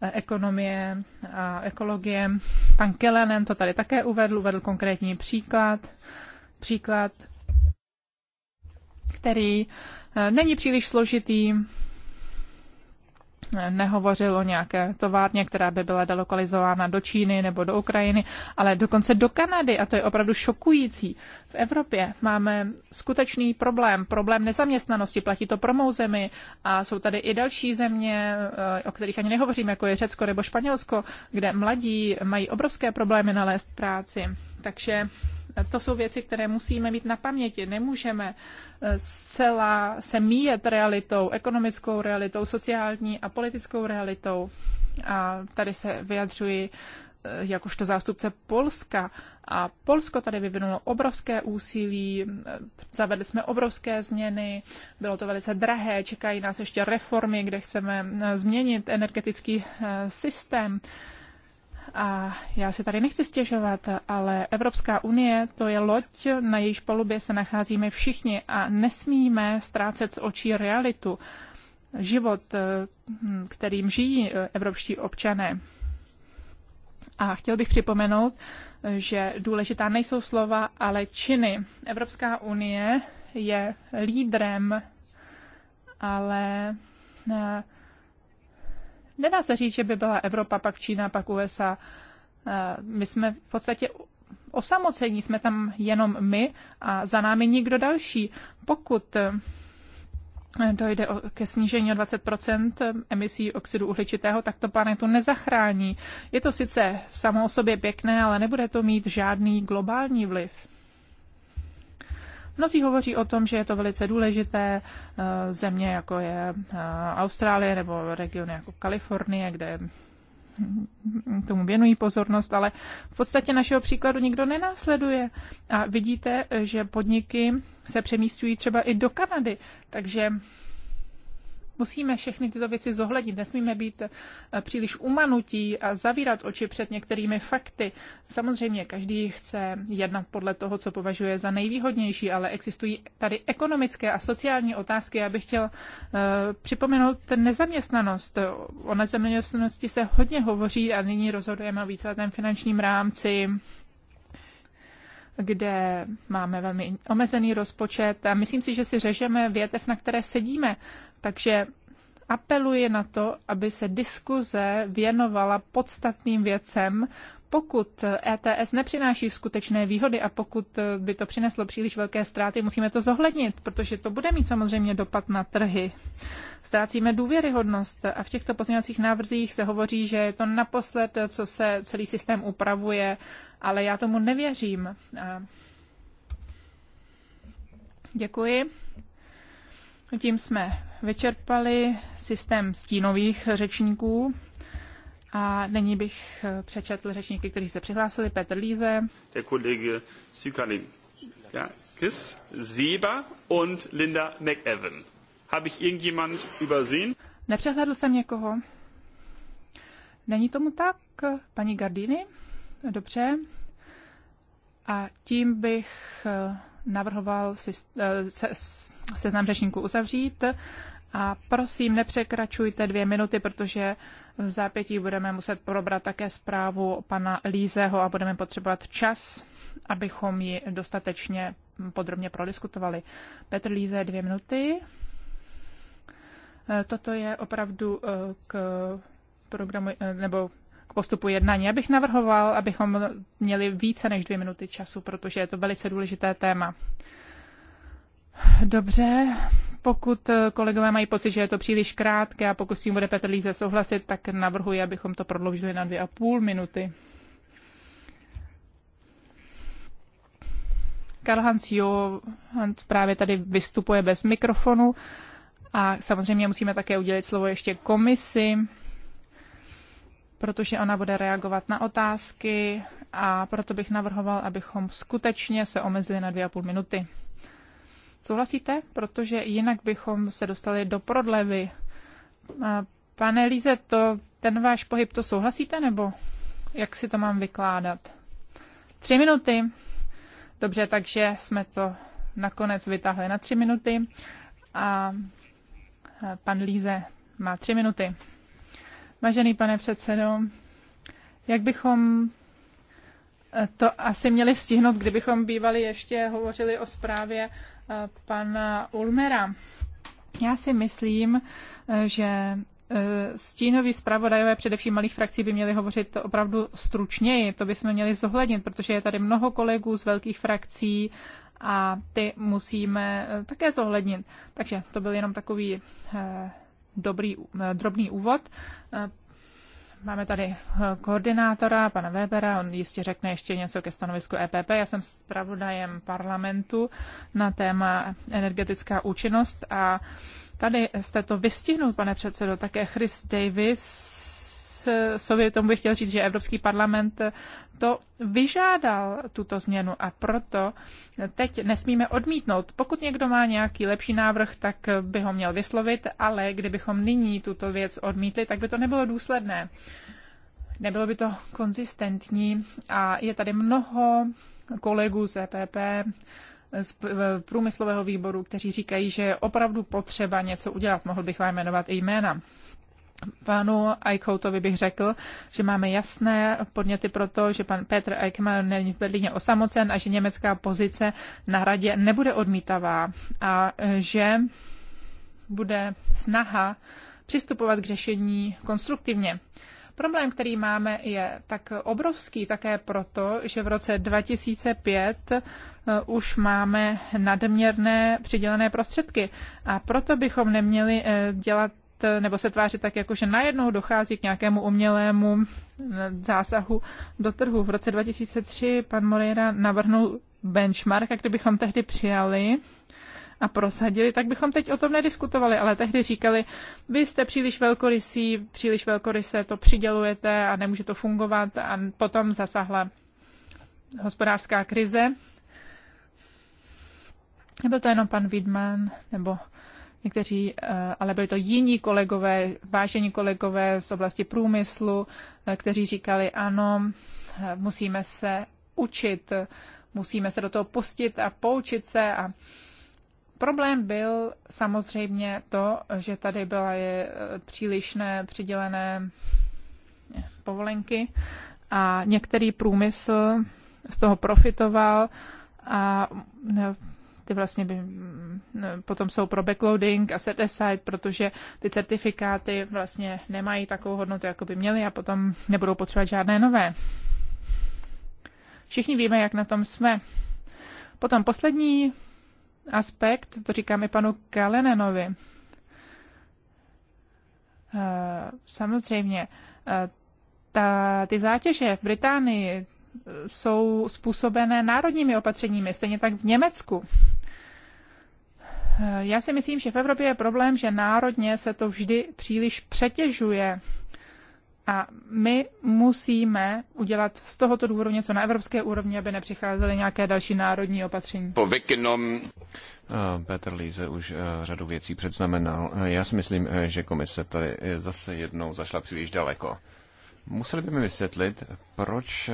eh, ekonomie a ekologie. Pan Kelenen to tady také uvedl, uvedl konkrétní příklad. Příklad, který eh, není příliš složitý, nehovořil o nějaké továrně, která by byla delokalizována do Číny nebo do Ukrajiny, ale dokonce do Kanady a to je opravdu šokující. V Evropě máme skutečný problém, problém nezaměstnanosti, platí to pro mou zemi a jsou tady i další země, eh, o kterých ani nehovořím, jako je Řecko nebo Španělsko, kde mladí mají obrovské problémy nalézt práci. Takže to jsou věci, které musíme mít na paměti. Nemůžeme eh, zcela se míjet realitou, ekonomickou realitou, sociální a politickou realitou. A tady se vyjadřuji eh, jakožto zástupce Polska. A Polsko tady vyvinulo obrovské úsilí, eh, zavedli jsme obrovské změny, bylo to velice drahé, čekají nás ještě reformy, kde chceme změnit energetický systém. A já si tady nechci stěžovat, ale Evropská unie to je loď, na jejíž palubě se nacházíme všichni a nesmíme ztrácet z očí realitu, život, eh, kterým žijí eh, evropští občané. A chtěl bych připomenout, eh, že důležitá nejsou slova, ale činy. Evropská unie je lídrem, ale Nedá se říct, že by byla Evropa, pak Čína, pak USA. Eh, my jsme v podstatě osamocení, jsme tam jenom my a za námi nikdo další. Pokud eh, dojde ke snížení o 20 eh, emisí oxidu uhličitého, tak to planetu nezachrání. Je to sice samo o sobě pěkné, ale nebude to mít žádný globální vliv. Mnozí hovoří o tom, že je to velice důležité eh, země, jako je eh, Austrálie nebo regiony jako Kalifornie, kde tomu věnují pozornost, ale v podstatě našeho příkladu nikdo nenásleduje. A vidíte, že podniky se přemístují třeba i do Kanady, takže Musíme všechny tyto věci zohlednit, nesmíme být eh, příliš umanutí a zavírat oči před některými fakty. Samozřejmě každý chce jednat podle toho, co považuje za nejvýhodnější, ale existují tady ekonomické a sociální otázky. Já bych chtěl uh, připomenout nezaměstnanost. O nezaměstnanosti se hodně hovoří a nyní rozhodujeme o víceletém finančním rámci kde máme velmi omezený rozpočet a myslím si, že si řežeme větev, na které sedíme. Takže apeluji na to, aby se diskuze věnovala podstatným věcem, pokud ETS nepřináší skutečné výhody a pokud by to přineslo příliš velké ztráty, musíme to zohlednit, protože to bude mít samozřejmě dopad na trhy. Ztrácíme důvěryhodnost a v těchto pozměňovacích návrzích se hovoří, že je to naposled, co se celý systém upravuje, ale já tomu nevěřím. Děkuji. Tím jsme vyčerpali systém stínových řečníků a nyní bych eh, přečetl řečníky, kteří se přihlásili. Petr Líze. Der Kollege Sykalin. Ja, Kiss, Seba und Linda McEwan. Habe ich irgendjemand übersehen? Nepřehledl jsem někoho. Není tomu tak, paní Gardini? Dobře. A tím bych eh, navrhoval eh, seznam řečníků uzavřít a prosím, nepřekračujte dvě minuty, protože v zápětí budeme muset probrat také zprávu pana Lízeho a budeme potřebovat čas, abychom ji dostatečně podrobně prodiskutovali. Petr Líze, dvě minuty. E, toto je opravdu e, k programu, e, nebo k postupu jednání. Já bych navrhoval, abychom měli více než dvě minuty času, protože je to velice důležité téma. Dobře, pokud eh, kolegové mají pocit, že je to příliš krátké a pokud s tím bude Petr Líze souhlasit, tak navrhuji, abychom to prodloužili na dvě a půl minuty. Karl Hans Johans právě tady vystupuje bez mikrofonu a samozřejmě musíme také udělit slovo ještě komisi, protože ona bude reagovat na otázky a proto bych navrhoval, abychom skutečně se omezili na dvě a půl minuty. Souhlasíte? Protože jinak bychom se dostali do prodlevy. Pane Líze, to, ten váš pohyb, to souhlasíte, nebo jak si to mám vykládat? Tři minuty. Dobře, takže jsme to nakonec vytáhli na tři minuty a pan Líze má tři minuty. Vážený pane předsedo, jak bychom e, to asi měli stihnout, kdybychom bývali ještě hovořili o zprávě pana Ulmera. Já si myslím, že eh, stínoví zpravodajové především malých frakcí by měli hovořit opravdu stručněji. To bychom měli zohlednit, protože je tady mnoho kolegů z velkých frakcí a ty musíme eh, také zohlednit. Takže to byl jenom takový eh, dobrý, drobný úvod. Máme tady eh, koordinátora, pana Webera, on jistě řekne ještě něco ke stanovisku EPP. Já jsem zpravodajem parlamentu na téma energetická účinnost a tady jste to vystihnul, pane předsedo, také Chris Davis Šolcesovi, tomu bych chtěl říct, že Evropský parlament to vyžádal tuto změnu a proto teď nesmíme odmítnout. Pokud někdo má nějaký lepší návrh, tak by ho měl vyslovit, ale kdybychom nyní tuto věc odmítli, tak by to nebylo důsledné. Nebylo by to konzistentní a je tady mnoho kolegů z EPP, z průmyslového výboru, kteří říkají, že je opravdu potřeba něco udělat. Mohl bych vám jmenovat i jména. Panu Eichoutovi bych řekl, že máme jasné podněty pro to, že pan Petr Eichmann není v Berlíně osamocen a že německá pozice na radě nebude odmítavá a e, že bude snaha přistupovat k řešení konstruktivně. Problém, který máme, je tak obrovský také proto, že v roce 2005 e, už máme nadměrné přidělené prostředky. A proto bychom neměli e, dělat nebo se tvářit tak, jako že najednou dochází k nějakému umělému zásahu do trhu. V roce 2003 pan Moreira navrhnul benchmark a kdybychom tehdy přijali a prosadili, tak bychom teď o tom nediskutovali, ale tehdy říkali, vy jste příliš velkorysí, příliš velkoryse to přidělujete a nemůže to fungovat a potom zasahla hospodářská krize. Nebyl to jenom pan Widman nebo Někteří, eh, ale byli to jiní kolegové, vážení kolegové z oblasti průmyslu, eh, kteří říkali, ano, eh, musíme se učit, musíme se do toho pustit a poučit se a Problém byl samozřejmě to, že tady byla je přílišné přidělené povolenky a některý průmysl z toho profitoval a ty vlastně by, mm, potom jsou pro backloading a set aside, protože ty certifikáty vlastně nemají takovou hodnotu, jako by měly a potom nebudou potřebovat žádné nové. Všichni víme, jak na tom jsme. Potom poslední aspekt, to říkám i panu Kalenenovi. Eh, samozřejmě, eh, ta, ty zátěže v Británii jsou způsobené národními opatřeními, stejně tak v Německu. Eh, já si myslím, že v Evropě je problém, že národně se to vždy příliš přetěžuje. A my musíme udělat z tohoto důvodu něco na evropské úrovni, aby nepřicházely nějaké další národní opatření. Eh, Petr Líze už eh, řadu věcí předznamenal. Já si myslím, že komise tady zase jednou zašla příliš daleko. Museli by mi vysvětlit, proč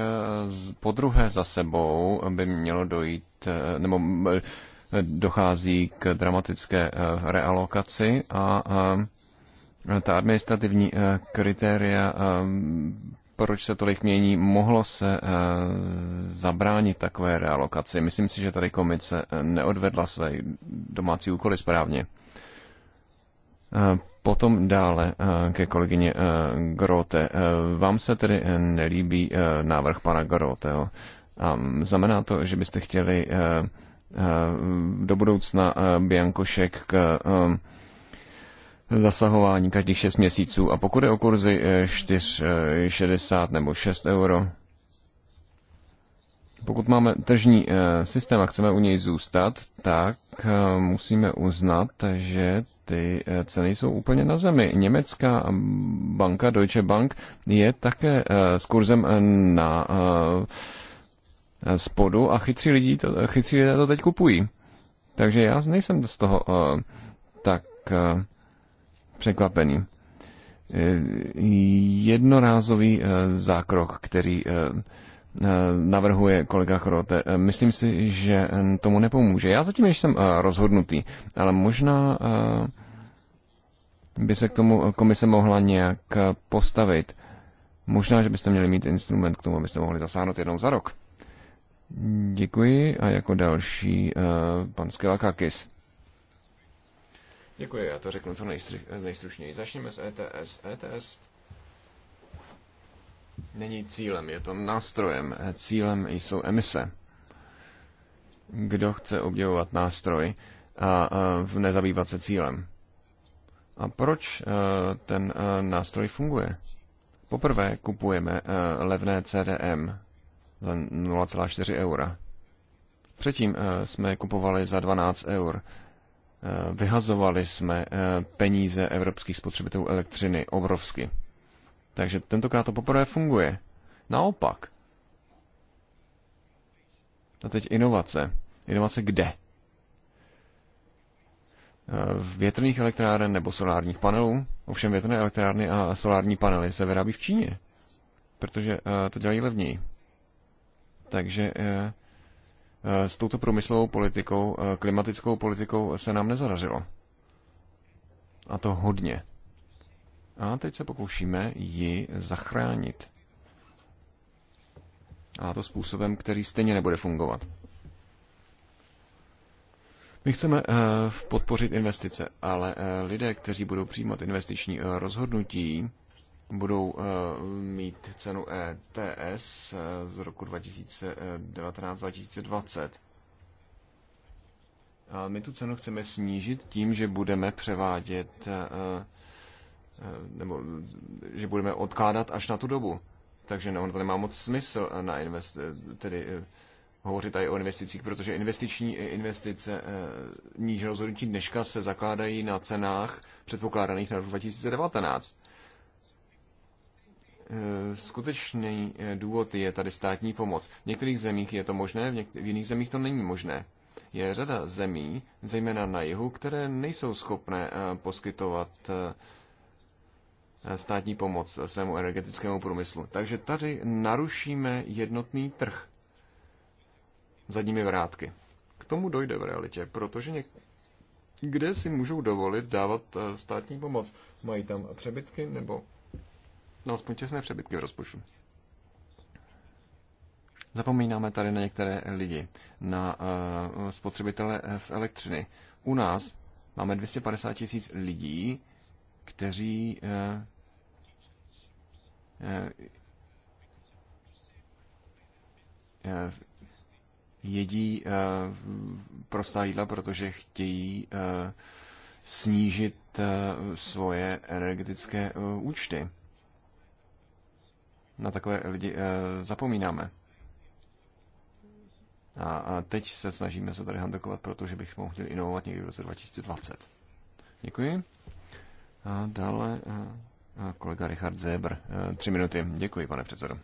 po druhé za sebou by mělo dojít, nebo dochází k dramatické eh, realokaci a eh, ta administrativní eh, kritéria, proč se tolik mění, mohlo se zabránit takové realokaci. Myslím si, že tady komice neodvedla své domácí úkoly správně. Potom dále ke kolegyně Grote. Vám se tedy nelíbí návrh pana Groteho? A mm, znamená to, že byste chtěli Eh, do budoucna eh, Biankošek k eh, zasahování každých 6 měsíců. A pokud je o kurzy 4,60 nebo 6 euro, pokud máme tržní systém a chceme u něj zůstat, tak musíme uznat, že ty ceny jsou úplně na zemi. Německá banka Deutsche Bank je také s kurzem na Eh, spodu a chytří, lidi to, eh, chytří lidé to teď kupují. Takže já nejsem z toho uh, tak uh, překvapený. Jednorázový zákrok, který navrhuje kolega Chrote. Myslím si, že tomu nepomůže. Já zatím ještě jsem rozhodnutý, ale možná by se k tomu komise mohla nějak postavit. Možná, že byste měli mít instrument k tomu, abyste mohli zasáhnout jednou za rok. Děkuji a jako další eh, pan Skilakakis. Děkuji, já to řeknu co nejstručněji. Začněme s ETS. ETS není cílem, je to nástrojem. Cílem jsou emise. Kdo chce obdivovat nástroj a, a nezabývat se cílem? A proč eh, ten eh, nástroj funguje? Poprvé kupujeme levné CDM, za 0,4 eura. Předtím eh, jsme je kupovali za 12 eur. Eh, vyhazovali jsme eh, peníze evropských spotřebitelů elektřiny obrovsky. Takže tentokrát to poprvé funguje. Naopak. A teď inovace. Inovace kde? V větrných elektráren nebo solárních panelů. Ovšem větrné elektrárny a solární panely se vyrábí v Číně, protože to dělají levněji. Takže eh, eh, s touto průmyslovou politikou, eh, klimatickou politikou se nám nezadařilo. A to hodně. A teď se pokoušíme ji zachránit. A to způsobem, který stejně nebude fungovat. My chceme podpořit investice, ale lidé, kteří budou přijímat investiční rozhodnutí, budou eh, mít cenu ETS eh, z roku 2019-2020. my tu cenu chceme snížit tím, že budeme převádět eh, nebo že budeme odkládat až na tu dobu. Takže ono to nemá moc smysl na invest, tedy hovořit tady o investicích, protože investiční investice níž rozhodnutí dneška se zakládají na cenách předpokládaných na rok 2019 skutečný eh, důvod je tady státní pomoc. V některých zemích je to možné, v, něk- v jiných zemích to není možné. Je řada zemí, zejména na jihu, které nejsou schopné eh, poskytovat eh, státní pomoc svému energetickému průmyslu. Takže tady narušíme jednotný trh zadními vrátky. K tomu dojde v realitě, protože něk- kde si můžou dovolit dávat státní pomoc? Mají tam přebytky nebo No, aspoň těsné přebytky v rozpočtu. Zapomínáme tady na některé lidi, na uh, spotřebitele v elektřiny. U nás máme 250 tisíc lidí, kteří uh, uh, uh, jedí uh, prostá jídla, protože chtějí uh, snížit uh, svoje energetické uh, účty na takové lidi eh, zapomínáme. A, a teď se snažíme se tady handrkovat, protože bychom chtěli inovovat někdy v roce 2020. Děkuji. A dále eh, a kolega Richard Zebr. Eh, tři minuty. Děkuji, pane předsedo.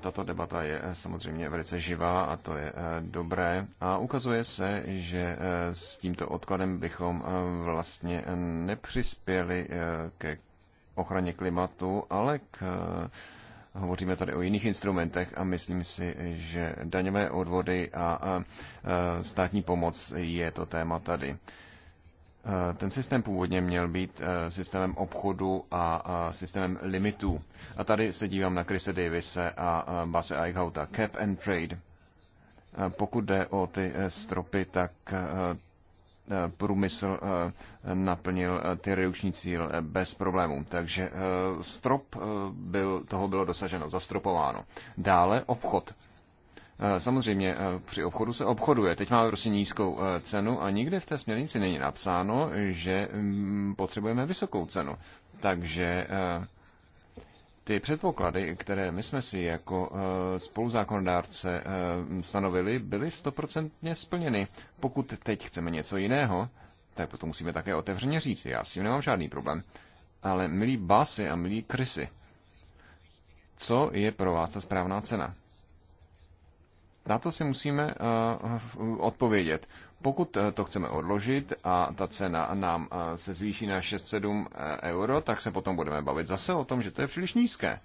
Tato debata je samozřejmě velice živá a to je dobré. A ukazuje se, že s tímto odkladem bychom vlastně nepřispěli ke ochraně klimatu, ale k, hovoříme tady o jiných instrumentech a myslím si, že daňové odvody a státní pomoc je to téma tady. Ten systém původně měl být e, systémem obchodu a systémem limitů. A tady se dívám na Chrise Davise a Base Eichhauta. Cap and trade. Pokud jde o ty e, stropy, tak e, Eh, průmysl eh, naplnil eh, ty redukční cíl bez problémů. Takže strop byl, toho bylo dosaženo, zastropováno. Dále obchod. Samozřejmě při obchodu se obchoduje. Teď máme prostě nízkou cenu a nikde v té směrnici není napsáno, že mm, potřebujeme vysokou cenu. Takže ty předpoklady, které my jsme si jako eh, spoluzákonodárce eh, stanovili, byly stoprocentně splněny. Pokud teď chceme něco jiného, tak potom musíme také otevřeně říct. Já s tím nemám žádný problém. Ale milí basy a milí krysy, co je pro vás ta správná cena? Na to si musíme uh, odpovědět. Pokud eh, to chceme odložit a ta cena nám eh, se zvýší na 6-7 eh, euro, tak se potom budeme bavit zase o tom, že to je příliš nízké.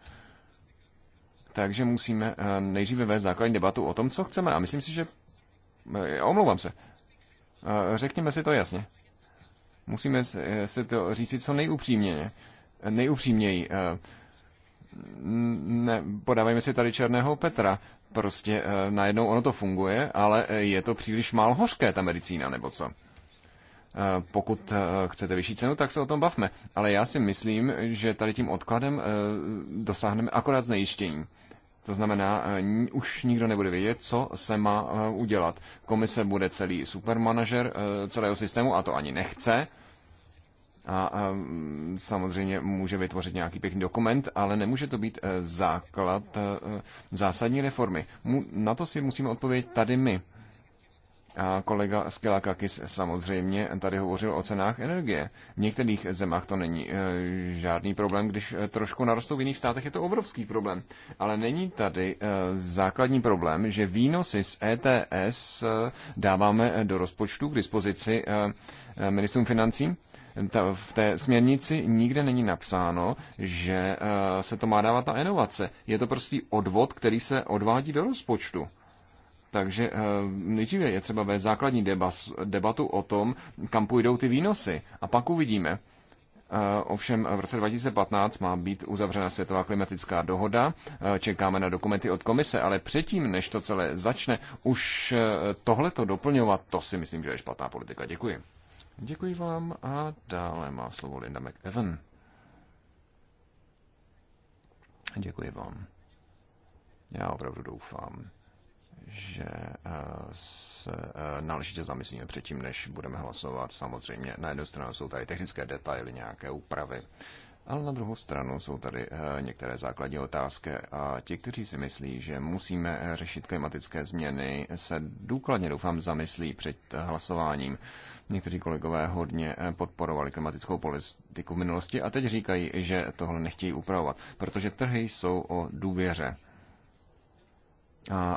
Takže musíme nejdříve vést základní debatu o tom, co chceme. A myslím si, že... Omlouvám se. Řekněme si to jasně. Musíme si to říct, co nejupřímněji. Nejupřímněji ne, podávajme si tady černého Petra. Prostě e, najednou ono to funguje, ale eh, je to příliš málo hořké, ta medicína, nebo co? E, pokud e, chcete vyšší cenu, tak se o tom bavme. Ale já si myslím, že tady tím odkladem e, dosáhneme akorát znejištění. To znamená, už nikdo nebude vědět, co se má udělat. Komise bude celý supermanažer celého systému a to ani nechce a mm, samozřejmě může vytvořit nějaký pěkný dokument, ale nemůže to být e, základ e, e, zásadní reformy. Na to si musíme odpovědět tady my. A kolega Skelakakis samozřejmě tady hovořil o cenách energie. V některých zemách to není žádný problém, když trošku narostou, v jiných státech je to obrovský problém. Ale není tady základní problém, že výnosy z ETS dáváme do rozpočtu k dispozici ministrům financí ta, v té směrnici nikde není napsáno, že uh, se to má dávat na inovace. Je to prostý odvod, který se odvádí do rozpočtu. Takže uh, nejdříve je třeba vést základní debas, debatu o tom, kam půjdou ty výnosy. A pak uvidíme. Eh, ovšem v roce 2015 má být uzavřena světová klimatická dohoda. Čekáme na dokumenty od komise, ale předtím, než to celé začne, už tohleto doplňovat, to si myslím, že je špatná politika. Děkuji. Děkuji vám a dále má slovo Linda McEwen. Děkuji vám. Já opravdu doufám, že eh, se eh, náležitě zamyslíme předtím, než budeme hlasovat. Samozřejmě na jednu stranu jsou tady technické detaily, nějaké úpravy. Ale na druhou stranu jsou tady eh, některé základní otázky a ti, kteří si myslí, že musíme eh, řešit klimatické změny, se důkladně doufám zamyslí před hlasováním. Někteří kolegové hodně eh, podporovali klimatickou politiku v minulosti a teď říkají, že tohle nechtějí upravovat, protože trhy jsou o důvěře. A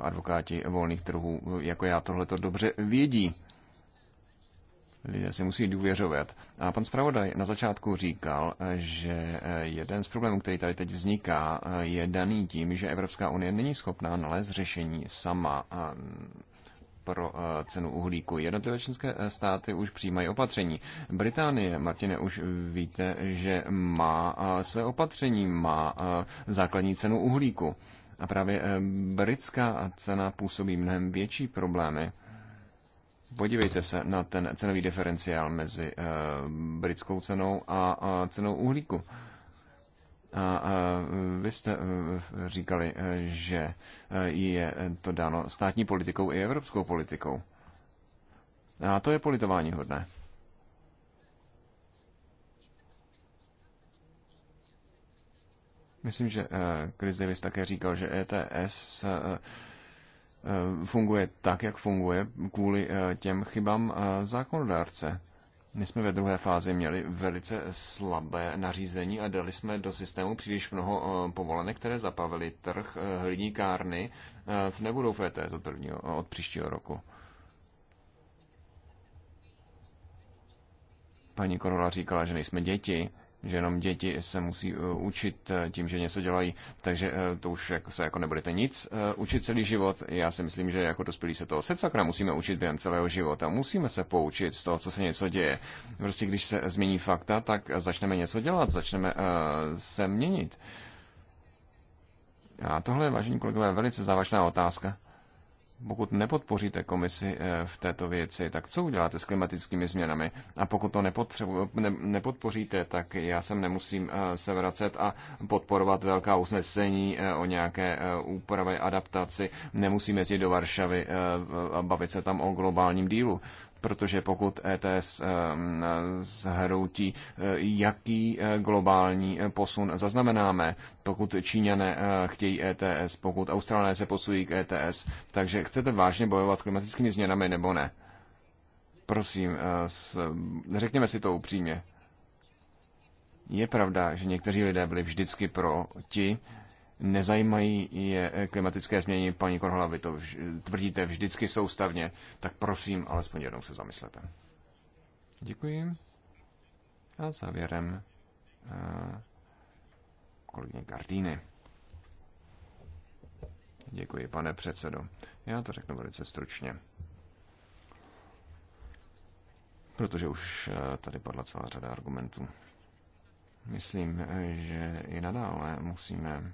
advokáti volných trhů, jako já, tohle to dobře vědí lidé si musí důvěřovat. A pan zpravodaj na začátku říkal, že eh, jeden z problémů, který tady teď vzniká, eh, je daný tím, že Evropská unie není schopná nalézt řešení sama mm, pro eh, cenu uhlíku. Jednotlivé členské státy už přijímají opatření. Británie, Martine, už víte, že má své opatření, má základní cenu uhlíku. A právě britská cena působí mnohem větší problémy Podívejte se na ten cenový diferenciál mezi eh, britskou cenou a cenou uhlíku. A vy jste eh, říkali, eh, že je to dáno státní politikou i evropskou politikou. A to je politování hodné. Myslím, že Chris Davis také říkal, že ETS Eh, funguje tak, jak funguje, kvůli eh, těm chybám eh, zákonodárce. My jsme ve druhé fázi měli velice slabé nařízení a dali jsme do systému příliš mnoho povolenek, které zapavily trh, hliníkárny nebudou v ETS od, prvního, od příštího roku. Paní Korola říkala, že nejsme děti, že jenom děti se musí eh, učit eh, tím, že něco dělají, takže eh, to už jako se jako nebudete nic učit celý život. Já si myslím, že jako dospělí se toho secakra musíme učit během celého života. Musíme se poučit z toho, co se něco děje. Prostě když se změní fakta, tak začneme něco dělat, začneme se měnit. A tohle je, vážení kolegové, velice závažná otázka pokud nepodpoříte komisi eh, v této věci, tak co uděláte s klimatickými změnami? A pokud to ne, nepodpoříte, tak já sem nemusím eh, se vracet a podporovat velká usnesení eh, o nějaké úpravě, adaptaci. Nemusím jezdit do Varšavy a bavit se tam o globálním dílu protože pokud ETS eh, zhroutí, eh, jaký eh, globální posun zaznamenáme, pokud Číňané chtějí ETS, pokud Australané se posují k ETS, takže chcete vážně bojovat s klimatickými změnami nebo ne? Prosím, řekněme si to upřímně. Je pravda, že někteří lidé byli vždycky proti, nezajímají je eh, klimatické změny, paní Korhola, vy to tvrdíte vždycky soustavně, tak prosím, alespoň jednou se zamyslete. Děkuji. A závěrem eh, kolegyně Gardíny. Děkuji, pane předsedo. Já to řeknu velice stručně. Protože už eh, tady padla celá řada argumentů. Myslím, že i nadále musíme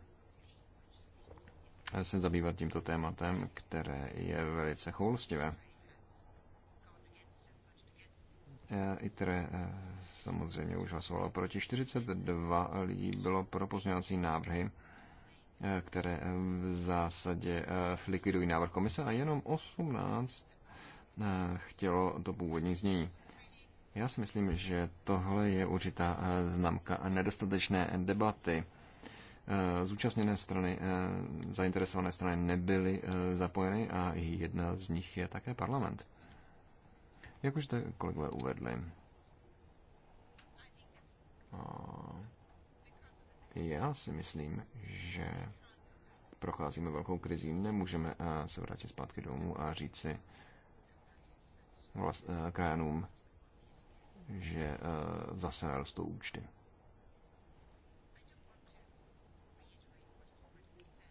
se zabývat tímto tématem, které je velice choulostivé. E, ITRE e, samozřejmě už hlasovalo proti. 42 lidí bylo pro pozměňovací návrhy, e, které v zásadě likvidují návrh komise a jenom 18 chtělo to původní znění. Já si myslím, že tohle je určitá známka nedostatečné debaty. Eh, zúčastněné strany, eh, zainteresované strany nebyly eh, zapojeny a jedna z nich je také parlament. Jak už jste kolegové uvedli, já si myslím, že procházíme velkou krizí, nemůžeme se vrátit zpátky domů a říci vlast, krajanům, že zase narostou účty.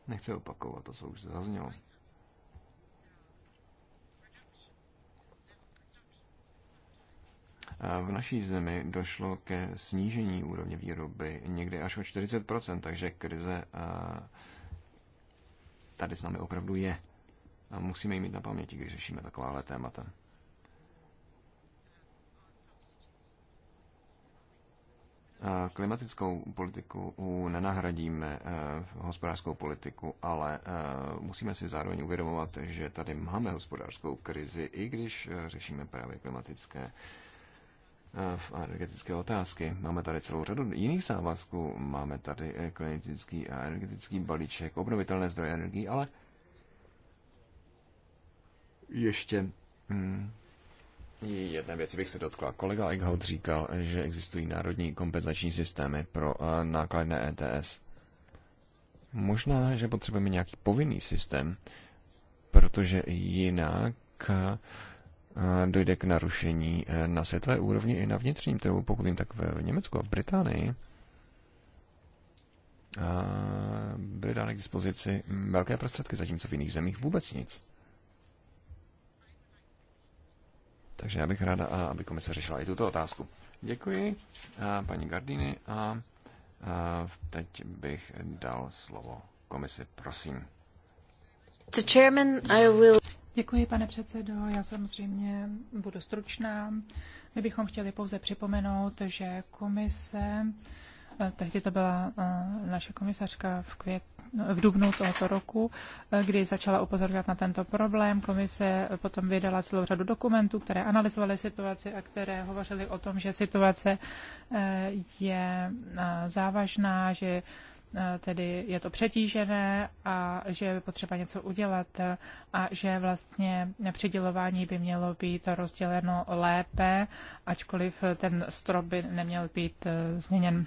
Nechci opakovat to, co už zaznělo. V naší zemi došlo ke snížení úrovně výroby někdy až o 40%, takže krize tady s námi opravdu je. A musíme ji mít na paměti, když řešíme takováhle témata. Klimatickou politiku nenahradíme v eh, hospodářskou politiku, ale eh, musíme si zároveň uvědomovat, že tady máme hospodářskou krizi, i když eh, řešíme právě klimatické v energetické otázky. Máme tady celou řadu jiných závazků. Máme tady klimatický a energetický balíček, obnovitelné zdroje energii, ale ještě hm, Jedné věci bych se dotkla. Kolega Eichhout říkal, že existují národní kompenzační systémy pro eh, nákladné ETS. Možná, že potřebujeme nějaký povinný systém, protože jinak eh, dojde k narušení eh, na světové úrovni i na vnitřním trhu, pokud jim tak v Německu a v Británii byly dány k dispozici velké prostředky, zatímco v jiných zemích vůbec nic. Takže já bych ráda, aby komise řešila i tuto otázku. Děkuji paní Gardiny a teď bych dal slovo komisi. Prosím. Děkuji, pane předsedo. Já samozřejmě budu stručná. My bychom chtěli pouze připomenout, že komise Tehdy to byla naše komisařka v květ, no, v dubnu tohoto roku, kdy začala upozorňovat na tento problém. Komise potom vydala celou řadu dokumentů, které analyzovaly situaci a které hovořily o tom, že situace e, je závažná, že e, tedy je to přetížené a že je potřeba něco udělat a že vlastně přidělování by mělo být rozděleno lépe, ačkoliv ten strop by neměl být e, změněn.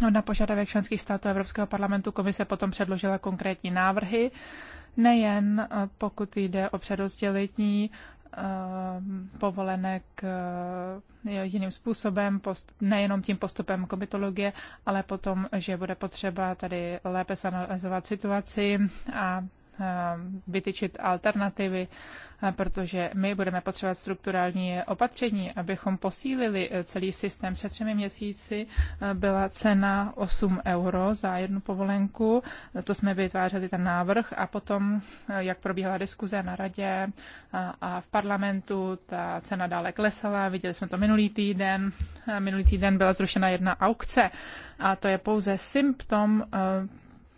No, na požadavek členských států Evropského parlamentu komise potom předložila konkrétní návrhy, nejen eh, pokud jde o předozdělení eh, povolenek eh, jiným způsobem, nejenom tím postupem komitologie, ale potom, že bude potřeba tady lépe analyzovat situaci a Eh, vytyčit alternativy, eh, protože my budeme potřebovat strukturální opatření, abychom posílili eh, celý systém. Před třemi měsíci byla cena 8 euro za jednu povolenku, to jsme vytvářeli ten návrh a potom, jak probíhala diskuze na radě a v parlamentu, ta cena dále klesala, viděli jsme to minulý týden. Minulý týden byla zrušena jedna aukce a to je pouze symptom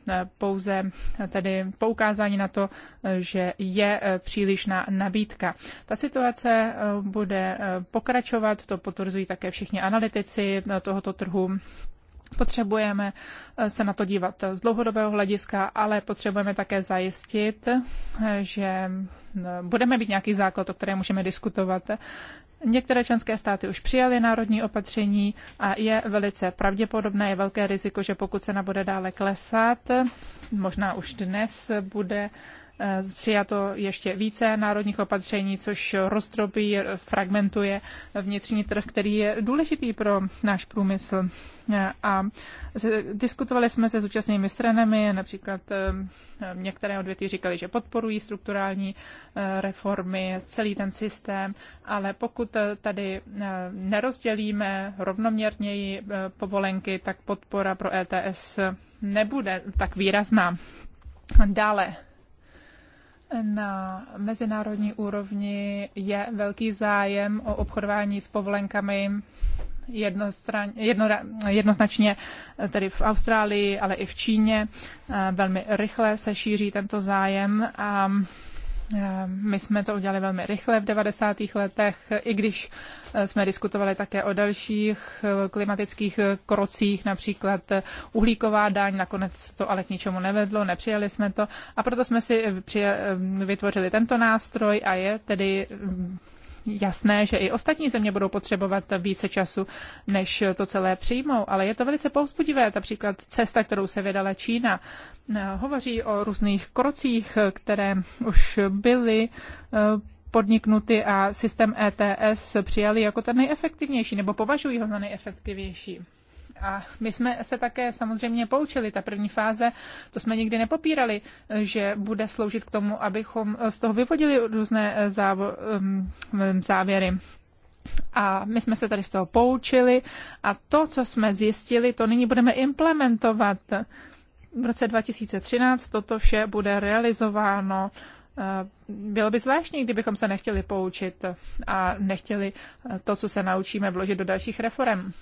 Eh, pouze tedy poukázání na to, že je eh, přílišná nabídka. Ta situace eh, bude pokračovat, to potvrzují také všichni analytici tohoto trhu. Potřebujeme se na to dívat z dlouhodobého hlediska, ale potřebujeme také zajistit, že budeme mít nějaký základ, o kterém můžeme diskutovat. Některé členské státy už přijaly národní opatření a je velice pravděpodobné, je velké riziko, že pokud se nabude dále klesat, možná už dnes bude Eh, přijato ještě více národních opatření, což roztropí, fragmentuje vnitřní trh, který je důležitý pro náš průmysl. Eh, a diskutovali jsme se zúčastněnými stranami, například eh, některé odvětví říkali, že podporují strukturální reformy, celý ten systém, ale pokud tady nerozdělíme rovnoměrněji povolenky, tak podpora pro ETS nebude tak výrazná. Dále na mezinárodní úrovni je velký zájem o obchodování s povolenkami jedno, jednoznačně tedy v Austrálii, ale i v Číně. Eh, velmi rychle se šíří tento zájem a Eh, my jsme to udělali velmi rychle v 90. letech, i když eh, jsme diskutovali také o dalších eh, klimatických krocích, například uhlíková daň, nakonec to ale k ničemu nevedlo, nepřijali jsme to a proto jsme si vytvořili tento nástroj a je tedy jasné, že i ostatní země budou potřebovat více času, než to celé přijmou, ale je to velice povzbudivé, například cesta, kterou se vydala Čína. Hovoří o různých krocích, které už byly eh, podniknuty a systém ETS přijali jako ten nejefektivnější, nebo považují ho za nejefektivnější. A my jsme se také samozřejmě poučili. Ta první fáze, to jsme nikdy nepopírali, že bude sloužit k tomu, abychom z toho vyvodili různé eh, mm, mm, závěry. A my jsme se tady z toho poučili a to, co jsme zjistili, to nyní budeme implementovat. V roce 2013 toto vše bude realizováno. Eh, bylo by zvláštní, kdybychom se nechtěli poučit a nechtěli eh, to, co se naučíme, vložit do dalších reform.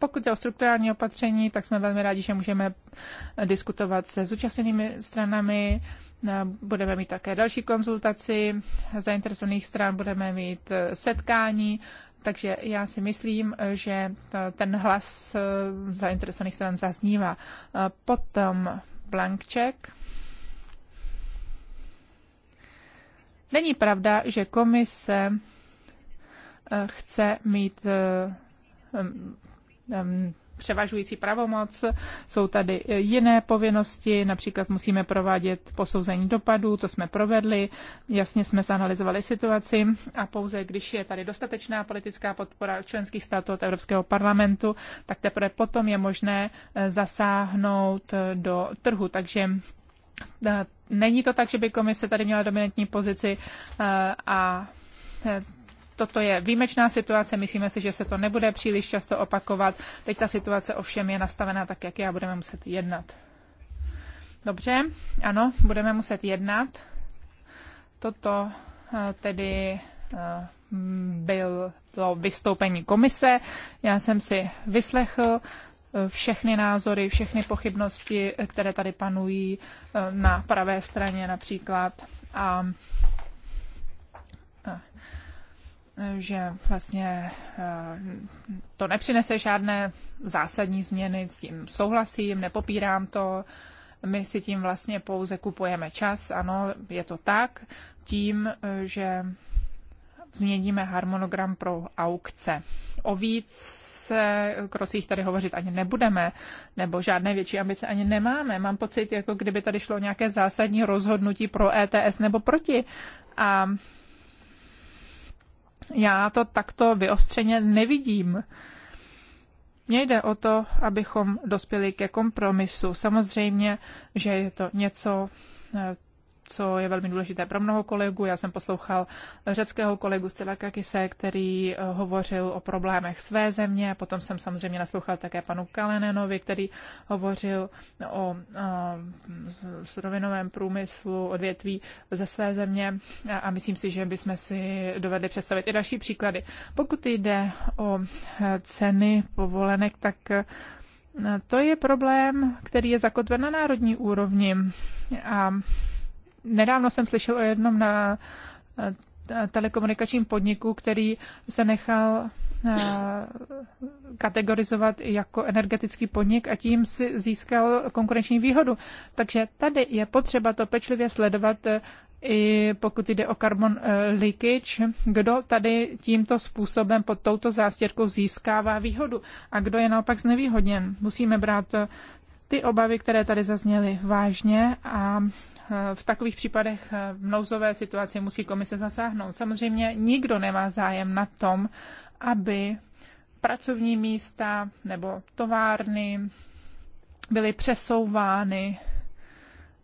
Pokud je o strukturální opatření, tak jsme velmi rádi, že můžeme diskutovat se zúčastněnými stranami. Budeme mít také další konzultaci zainteresovaných stran, budeme mít eh, setkání. Takže já si myslím, že ten hlas eh, zainteresovaných stran zaznívá. Eh, potom blank check. Není pravda, že komise chce mít převažující pravomoc, jsou tady eh, jiné povinnosti, například musíme provádět posouzení dopadů, to jsme provedli, jasně jsme zanalizovali situaci a pouze když je tady dostatečná politická podpora členských států od Evropského parlamentu, tak teprve potom je možné eh, zasáhnout eh, do trhu. Takže není to tak, že by komise tady měla dominantní pozici a Toto je výjimečná situace, myslíme si, že se to nebude příliš často opakovat. Teď ta situace ovšem je nastavená tak, jak je a budeme muset jednat. Dobře, ano, budeme muset jednat. Toto eh, tedy eh, bylo vystoupení komise. Já jsem si vyslechl eh, všechny názory, všechny pochybnosti, které tady panují na pravé straně například. A že vlastně eh, to nepřinese žádné zásadní změny, s tím souhlasím, nepopírám to, my si tím vlastně pouze kupujeme čas, ano, je to tak, tím, eh, že změníme harmonogram pro aukce. O víc se krocích tady hovořit ani nebudeme, nebo žádné větší ambice ani nemáme. Mám pocit, jako kdyby tady šlo nějaké zásadní rozhodnutí pro ETS nebo proti. A já to takto vyostřeně nevidím. Mně jde o to, abychom dospěli ke kompromisu. Samozřejmě, že je to něco, eh, co je velmi důležité pro mnoho kolegů. Já jsem poslouchal řeckého kolegu Kakise, který eh, hovořil o problémech své země. Potom jsem samozřejmě naslouchal také panu Kalenenovi, který hovořil o eh, surovinovém průmyslu, odvětví ze své země. A myslím si, že bychom si dovedli představit i další příklady. Pokud jde o eh, ceny povolenek, tak to je problém, který je zakotven na národní úrovni. A Nedávno jsem slyšel o jednom na eh, telekomunikačním podniku, který se nechal eh, kategorizovat jako energetický podnik a tím si získal konkurenční výhodu. Takže tady je potřeba to pečlivě sledovat, eh, i pokud jde o carbon leakage, kdo tady tímto způsobem pod touto zástěrkou získává výhodu a kdo je naopak znevýhodněn. Musíme brát ty obavy, které tady zazněly vážně a Eh, v takových případech eh, v nouzové situaci musí komise zasáhnout. Samozřejmě nikdo nemá zájem na tom, aby pracovní místa nebo továrny byly přesouvány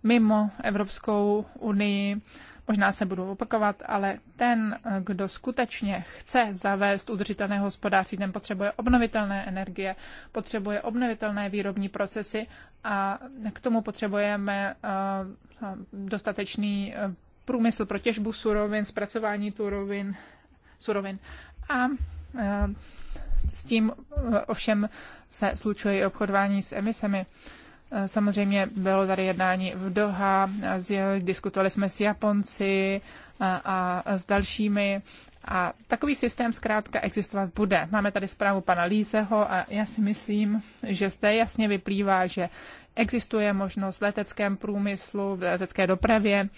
mimo Evropskou unii Možná se budu opakovat, ale ten, kdo skutečně chce zavést udržitelné hospodářství, ten potřebuje obnovitelné energie, potřebuje obnovitelné výrobní procesy a k tomu potřebujeme eh, dostatečný eh, průmysl pro těžbu surovin, zpracování turovin, surovin. A eh, s tím ovšem se slučuje i obchodování s emisemi. Samozřejmě bylo tady jednání v Doha, diskutovali jsme s Japonci a, a s dalšími. A takový systém zkrátka existovat bude. Máme tady zprávu pana Lízeho a já si myslím, že zde jasně vyplývá, že existuje možnost v leteckém průmyslu, v letecké dopravě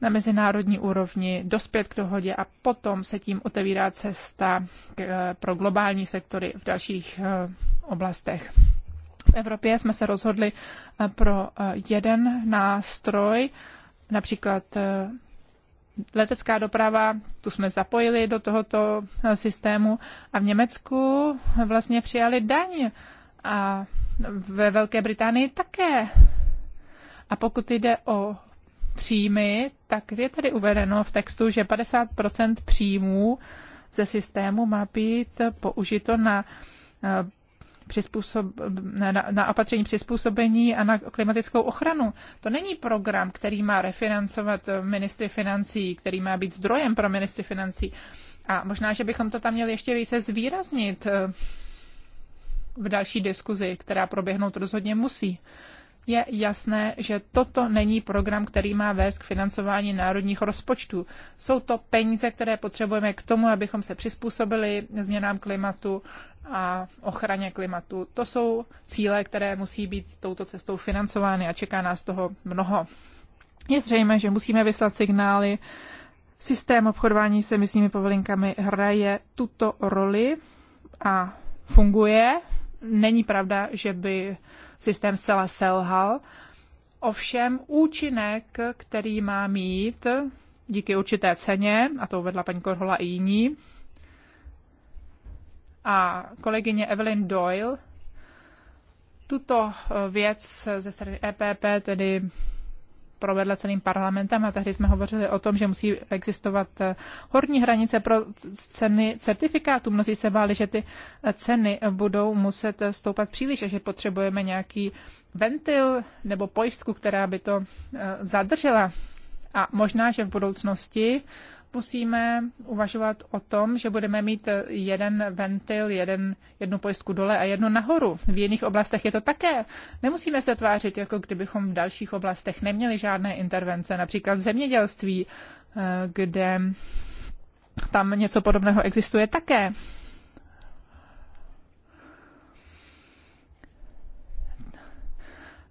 na mezinárodní úrovni dospět k dohodě a potom se tím otevírá cesta k, e, pro globální sektory v dalších e, oblastech v Evropě jsme se rozhodli eh, pro eh, jeden nástroj, například eh, letecká doprava, tu jsme zapojili do tohoto systému a v Německu vlastně přijali daň a ve Velké Británii také. A pokud jde o příjmy, tak je tady uvedeno v textu, že 50 příjmů ze systému má být použito na přizpůsob, na, na opatření přizpůsobení a na klimatickou ochranu. To není program, který má refinancovat eh, ministry financí, který má být zdrojem pro ministry financí. A možná, že bychom to tam měli ještě více zvýraznit eh, v další diskuzi, která proběhnout rozhodně musí je jasné, že toto není program, který má vést k financování národních rozpočtů. Jsou to peníze, které potřebujeme k tomu, abychom se přizpůsobili změnám klimatu a ochraně klimatu. To jsou cíle, které musí být touto cestou financovány a čeká nás toho mnoho. Je zřejmé, že musíme vyslat signály. Systém obchodování se myslími povolinkami hraje tuto roli a funguje není pravda, že by systém zcela selhal. Ovšem účinek, který má mít díky určité ceně, a to uvedla paní Korhola i jiní, a kolegyně Evelyn Doyle tuto eh, věc ze strany EPP tedy provedla celým parlamentem a tehdy jsme hovořili o tom, že musí existovat eh, horní hranice pro ceny certifikátů. Mnozí se báli, že ty eh, ceny budou muset eh, stoupat příliš a že potřebujeme nějaký ventil nebo pojistku, která by to zadržela. A možná, že v budoucnosti musíme uvažovat o tom, že budeme mít jeden ventil, jeden, jednu pojistku dole a jednu nahoru. V jiných oblastech je to také. Nemusíme se tvářit, jako kdybychom v dalších oblastech neměli žádné intervence, například v zemědělství, eh, kde tam něco podobného existuje také.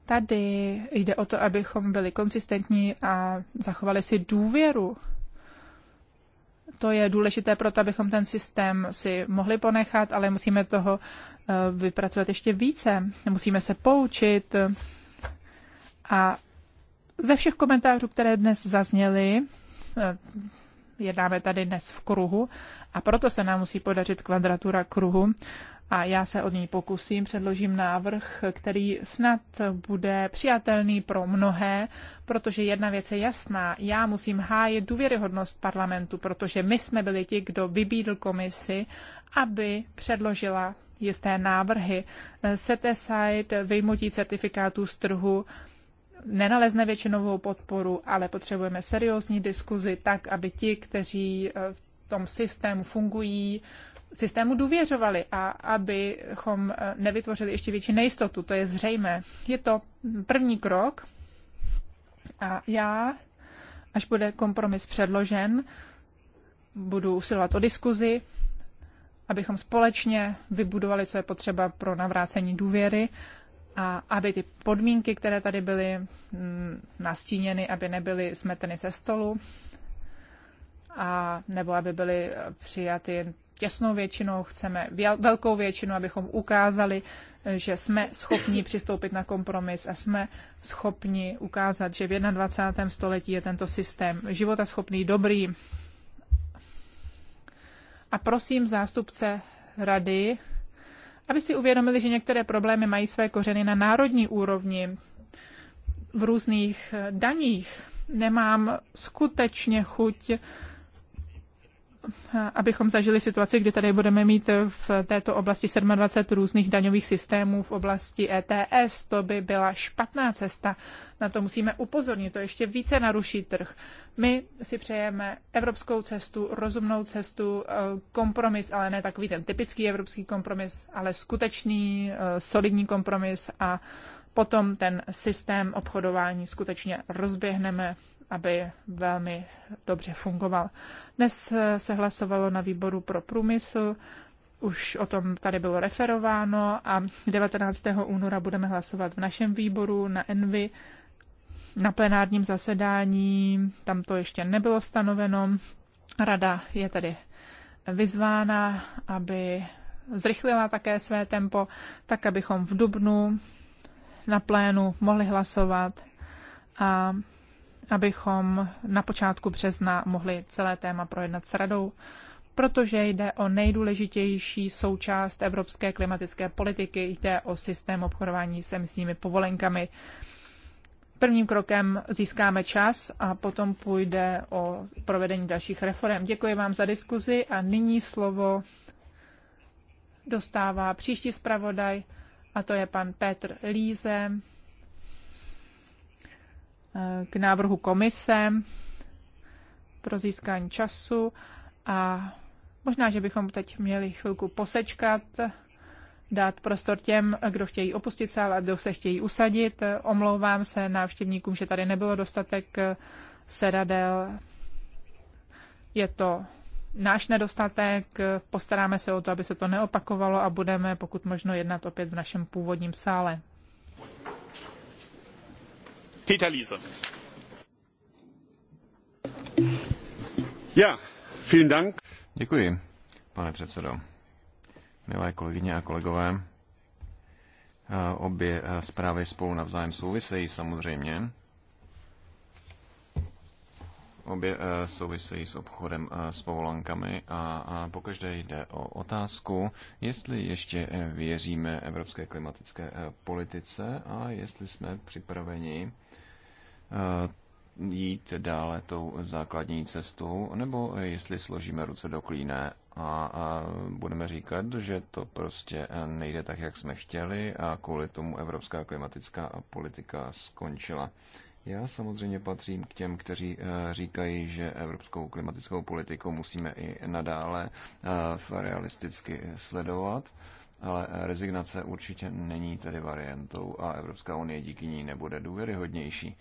Tady jde o to, abychom byli konsistentní a zachovali si důvěru to je důležité pro to, abychom ten systém si mohli ponechat, ale musíme toho eh, vypracovat ještě více. Musíme se poučit a ze všech komentářů, které dnes zazněly, eh, jednáme tady dnes v kruhu a proto se nám musí podařit kvadratura kruhu a já se od ní pokusím, předložím návrh, který snad bude přijatelný pro mnohé, protože jedna věc je jasná, já musím hájit důvěryhodnost parlamentu, protože my jsme byli ti, kdo vybídl komisi, aby předložila jisté návrhy. Set aside, vyjmutí certifikátů z trhu, nenalezne většinovou podporu, ale potřebujeme seriózní diskuzi tak, aby ti, kteří eh, v tom systému fungují, systému důvěřovali a abychom eh, nevytvořili ještě větší nejistotu, to je zřejmé. Je to první krok a já, až bude kompromis předložen, budu usilovat o diskuzi, abychom společně vybudovali, co je potřeba pro navrácení důvěry a aby ty podmínky, které tady byly mm, nastíněny, aby nebyly smeteny ze stolu a nebo aby byly přijaty těsnou většinou, chceme velkou většinu, abychom ukázali, eh, že jsme schopni přistoupit na kompromis a jsme schopni ukázat, že v 21. století je tento systém životaschopný, dobrý. A prosím zástupce rady, aby si uvědomili, že některé problémy mají své kořeny na národní úrovni, v různých eh, daních. Nemám skutečně chuť abychom zažili situaci, kdy tady budeme mít v této oblasti 27 různých daňových systémů v oblasti ETS. To by byla špatná cesta. Na to musíme upozornit. To ještě více naruší trh. My si přejeme evropskou cestu, rozumnou cestu, eh, kompromis, ale ne takový ten typický evropský kompromis, ale skutečný, eh, solidní kompromis a potom ten systém obchodování skutečně rozběhneme aby velmi dobře fungoval. Dnes eh, se hlasovalo na výboru pro průmysl, už o tom tady bylo referováno a 19. února budeme hlasovat v našem výboru na Envy na plenárním zasedání. Tam to ještě nebylo stanoveno. Rada je tedy vyzvána, aby zrychlila také své tempo, tak abychom v Dubnu na plénu mohli hlasovat a abychom na počátku března mohli celé téma projednat s radou, protože jde o nejdůležitější součást evropské klimatické politiky, jde o systém obchodování s emisními povolenkami. Prvním krokem získáme čas a potom půjde o provedení dalších reform. Děkuji vám za diskuzi a nyní slovo dostává příští zpravodaj, a to je pan Petr Líze k návrhu komise pro získání času a možná, že bychom teď měli chvilku posečkat, dát prostor těm, kdo chtějí opustit sál a kdo se chtějí usadit. Omlouvám se návštěvníkům, že tady nebylo dostatek sedadel. Je to náš nedostatek, postaráme se o to, aby se to neopakovalo a budeme pokud možno jednat opět v našem původním sále. Peter Liese. Děkuji, pane předsedo. Milé kolegyně a kolegové, obě zprávy spolu navzájem souvisejí samozřejmě. Obě souvisejí s obchodem s povolankami a pokaždé jde o otázku, jestli ještě věříme evropské klimatické politice a jestli jsme připraveni Eh, jít dále tou základní cestou, nebo jestli složíme ruce do klíne a, a budeme říkat, že to prostě eh, nejde tak, jak jsme chtěli a kvůli tomu evropská klimatická politika skončila. Já samozřejmě patřím k těm, kteří eh, říkají, že evropskou klimatickou politiku musíme i nadále realisticky sledovat, ale rezignace určitě není tedy variantou a Evropská unie díky ní nebude důvěryhodnější.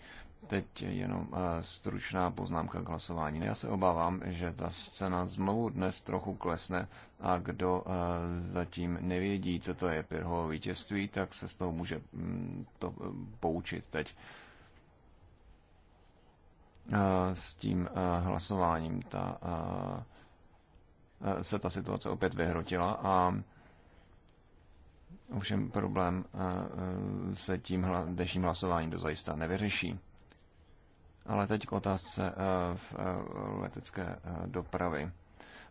Teď jenom eh, stručná poznámka k hlasování. No, já se obávám, že ta scéna znovu dnes trochu klesne a kdo eh, zatím nevědí, co to je Pirhovo vítězství, tak se z toho může mm, to eh, poučit teď s tím hlasováním. Ta, se ta situace opět vyhrotila a Ovšem problém se tím dnešním hlasováním dozajista nevyřeší. Ale teď k otázce eh, v eh, letecké eh, dopravy.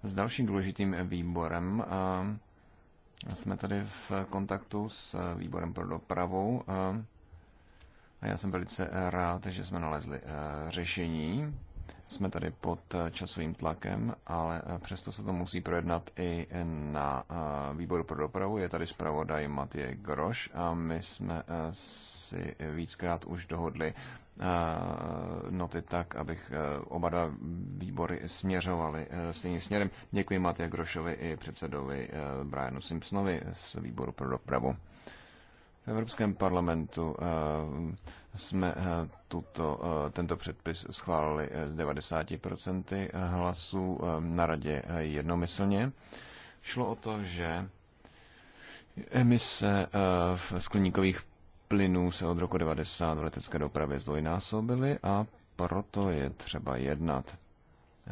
S dalším důležitým výborem jsme tady v kontaktu s výborem pro dopravu a já jsem velice rád, že jsme nalezli řešení. Jsme tady pod časovým tlakem, ale přesto se to musí projednat i na výboru pro dopravu. Je tady zpravodaj Matěj Groš a my jsme s si víckrát už dohodli eh, noty tak, abych eh, oba dva výbory směřovali eh, stejným směrem. Děkuji Matěj Grošovi i předsedovi Brianu Simpsonovi z výboru pro dopravu. V Evropském parlamentu jsme tuto, tento předpis schválili z 90% hlasů na radě jednomyslně. Šlo o to, že emise v skleníkových plynů se od roku 90 v letecké dopravě zdvojnásobily a proto je třeba jednat.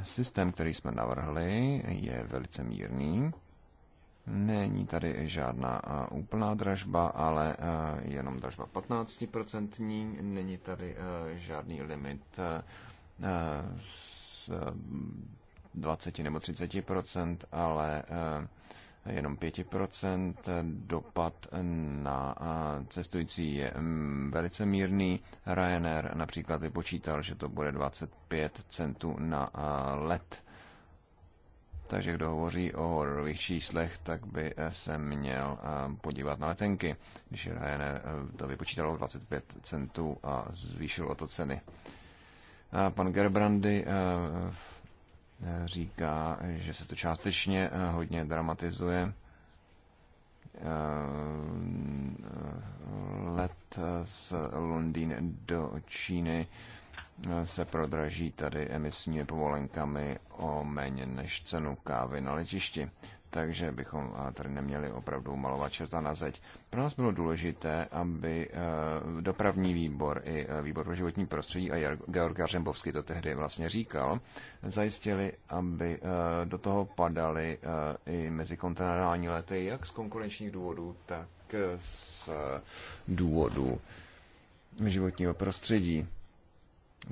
Systém, který jsme navrhli, je velice mírný. Není tady žádná úplná dražba, ale jenom dražba 15%. Není tady žádný limit z 20 nebo 30%, ale jenom 5%. Dopad na cestující je mm, velice mírný. Ryanair například vypočítal, že to bude 25 centů na let. Takže kdo hovoří o hororových číslech, tak by e, se měl podívat na letenky, když Ryanair e, to vypočítalo 25 centů a zvýšil o to ceny. Pan Gerbrandy e, říká, že se to částečně eh, hodně dramatizuje. Eh, let eh, z Londýn do Číny se prodraží tady emisními povolenkami o méně než cenu kávy na letišti takže bychom tady neměli opravdu malovat čerta na zeď. Pro nás bylo důležité, aby eh, dopravní výbor i eh, výbor pro životní prostředí a Georg Jařembovský to tehdy vlastně říkal, zajistili, aby eh, do toho padaly i mezikontinentální lety, jak z konkurenčních důvodů, tak z důvodů životního prostředí.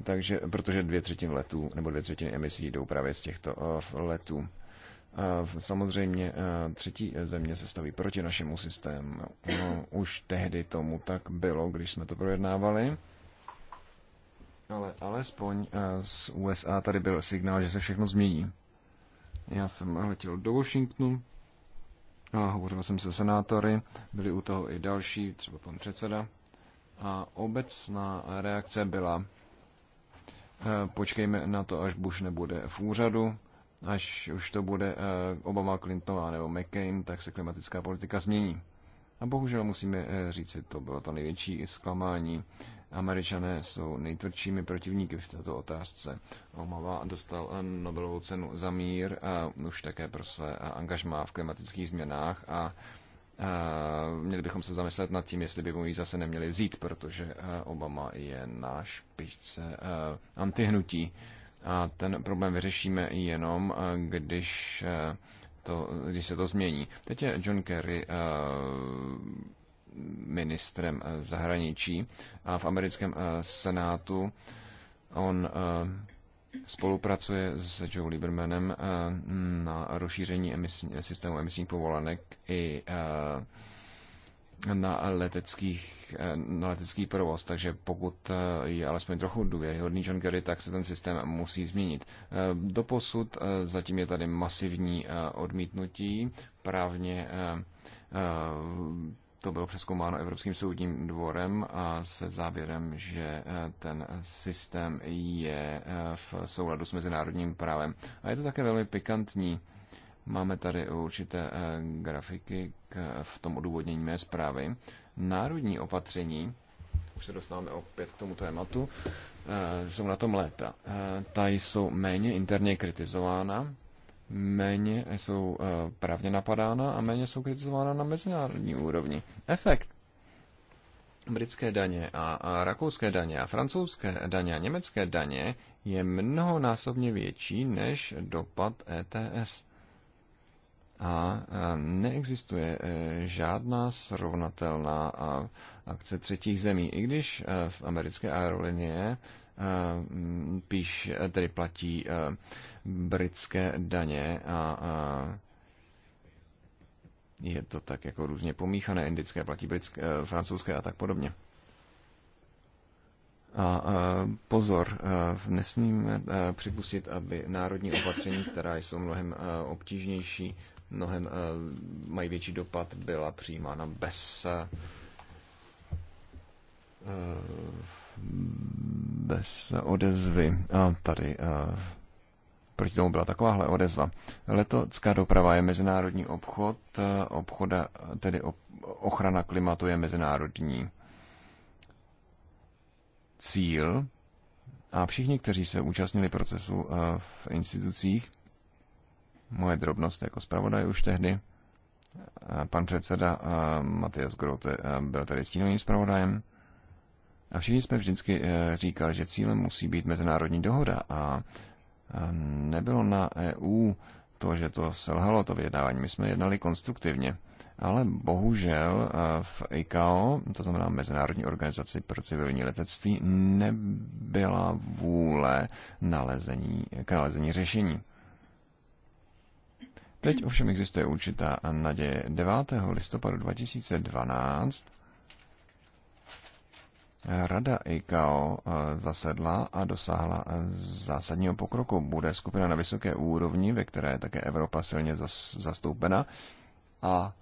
Takže, protože dvě třetiny letů nebo dvě třetiny emisí jdou právě z těchto letů. Samozřejmě třetí e, země se staví proti našemu systému. No, už tehdy tomu tak bylo, když jsme to projednávali. Ale alespoň e, z USA tady byl signál, že se všechno změní. Já jsem letěl do Washingtonu, a hovořil jsem se senátory, byli u toho i další, třeba pan předseda. A obecná reakce byla, e, počkejme na to, až Bush nebude v úřadu, až už to bude eh, Obama, Clintonová nebo McCain, tak se klimatická politika změní. A bohužel musíme eh, říci, to bylo to největší zklamání. Američané jsou nejtvrdšími protivníky v této otázce. Obama dostal eh, Nobelovu cenu za mír, a už také pro své angažmá v klimatických změnách a měli bychom se zamyslet nad tím, jestli by mu ji zase neměli vzít, protože Obama je na špičce antihnutí. A ten problém vyřešíme jenom, eh, když, eh, to, když se to změní. Teď je John Kerry eh, ministrem zahraničí a v americkém senátu on spolupracuje s Joe Liebermanem na rozšíření emisní, systému emisních povolenek i na leteckých, eh, na letecký provoz, takže pokud eh, je alespoň trochu důvěryhodný John Kerry, tak se ten systém musí změnit. Eh, doposud zatím je tady masivní odmítnutí, právně to bylo přeskoumáno Evropským soudním dvorem a se závěrem, že ten systém je v souladu s mezinárodním právem. A je to také velmi pikantní Máme tady určité eh, grafiky k, v tom odůvodnění mé zprávy. Národní opatření, už se dostáváme opět k tomu tématu, eh, jsou na tom lépe. Eh, ta jsou méně interně kritizována, méně jsou právně napadána a méně jsou kritizována na mezinárodní úrovni. Efekt britské daně a, a rakouské daně a francouzské daně a německé daně je mnohonásobně větší než dopad ETS. A neexistuje e, žádná srovnatelná akce třetích zemí, i když e, v americké aerolinie e, píš, tedy platí britské daně a je to tak jako různě pomíchané, indické platí britské, francouzské a tak podobně. A pozor, nesmíme připustit, aby národní opatření, která jsou mnohem obtížnější, mnohem eh, mají větší dopad, byla přijímána bez eh, bez odezvy. A tady a eh, proti tomu byla takováhle odezva. Letocká doprava je mezinárodní obchod, obchoda, tedy ochrana klimatu je mezinárodní cíl a všichni, kteří se účastnili procesu v institucích, moje drobnost jako zpravodaj už tehdy. Pan předseda Matias Grote byl tady stínovým zpravodajem. A všichni jsme vždycky e, říkali, že cílem musí být mezinárodní dohoda a nebylo na EU to, že to selhalo to vyjednávání. My jsme jednali konstruktivně, ale bohužel e, v ICAO, to znamená Mezinárodní organizaci pro civilní letectví, nebyla vůle nalezení, k nalezení řešení. Teď ovšem existuje určitá naděje. 9. listopadu 2012 Rada ICAO eh, zasedla a dosáhla eh, zásadního pokroku. Bude skupina na vysoké úrovni, ve které je také Evropa silně zas, zastoupena a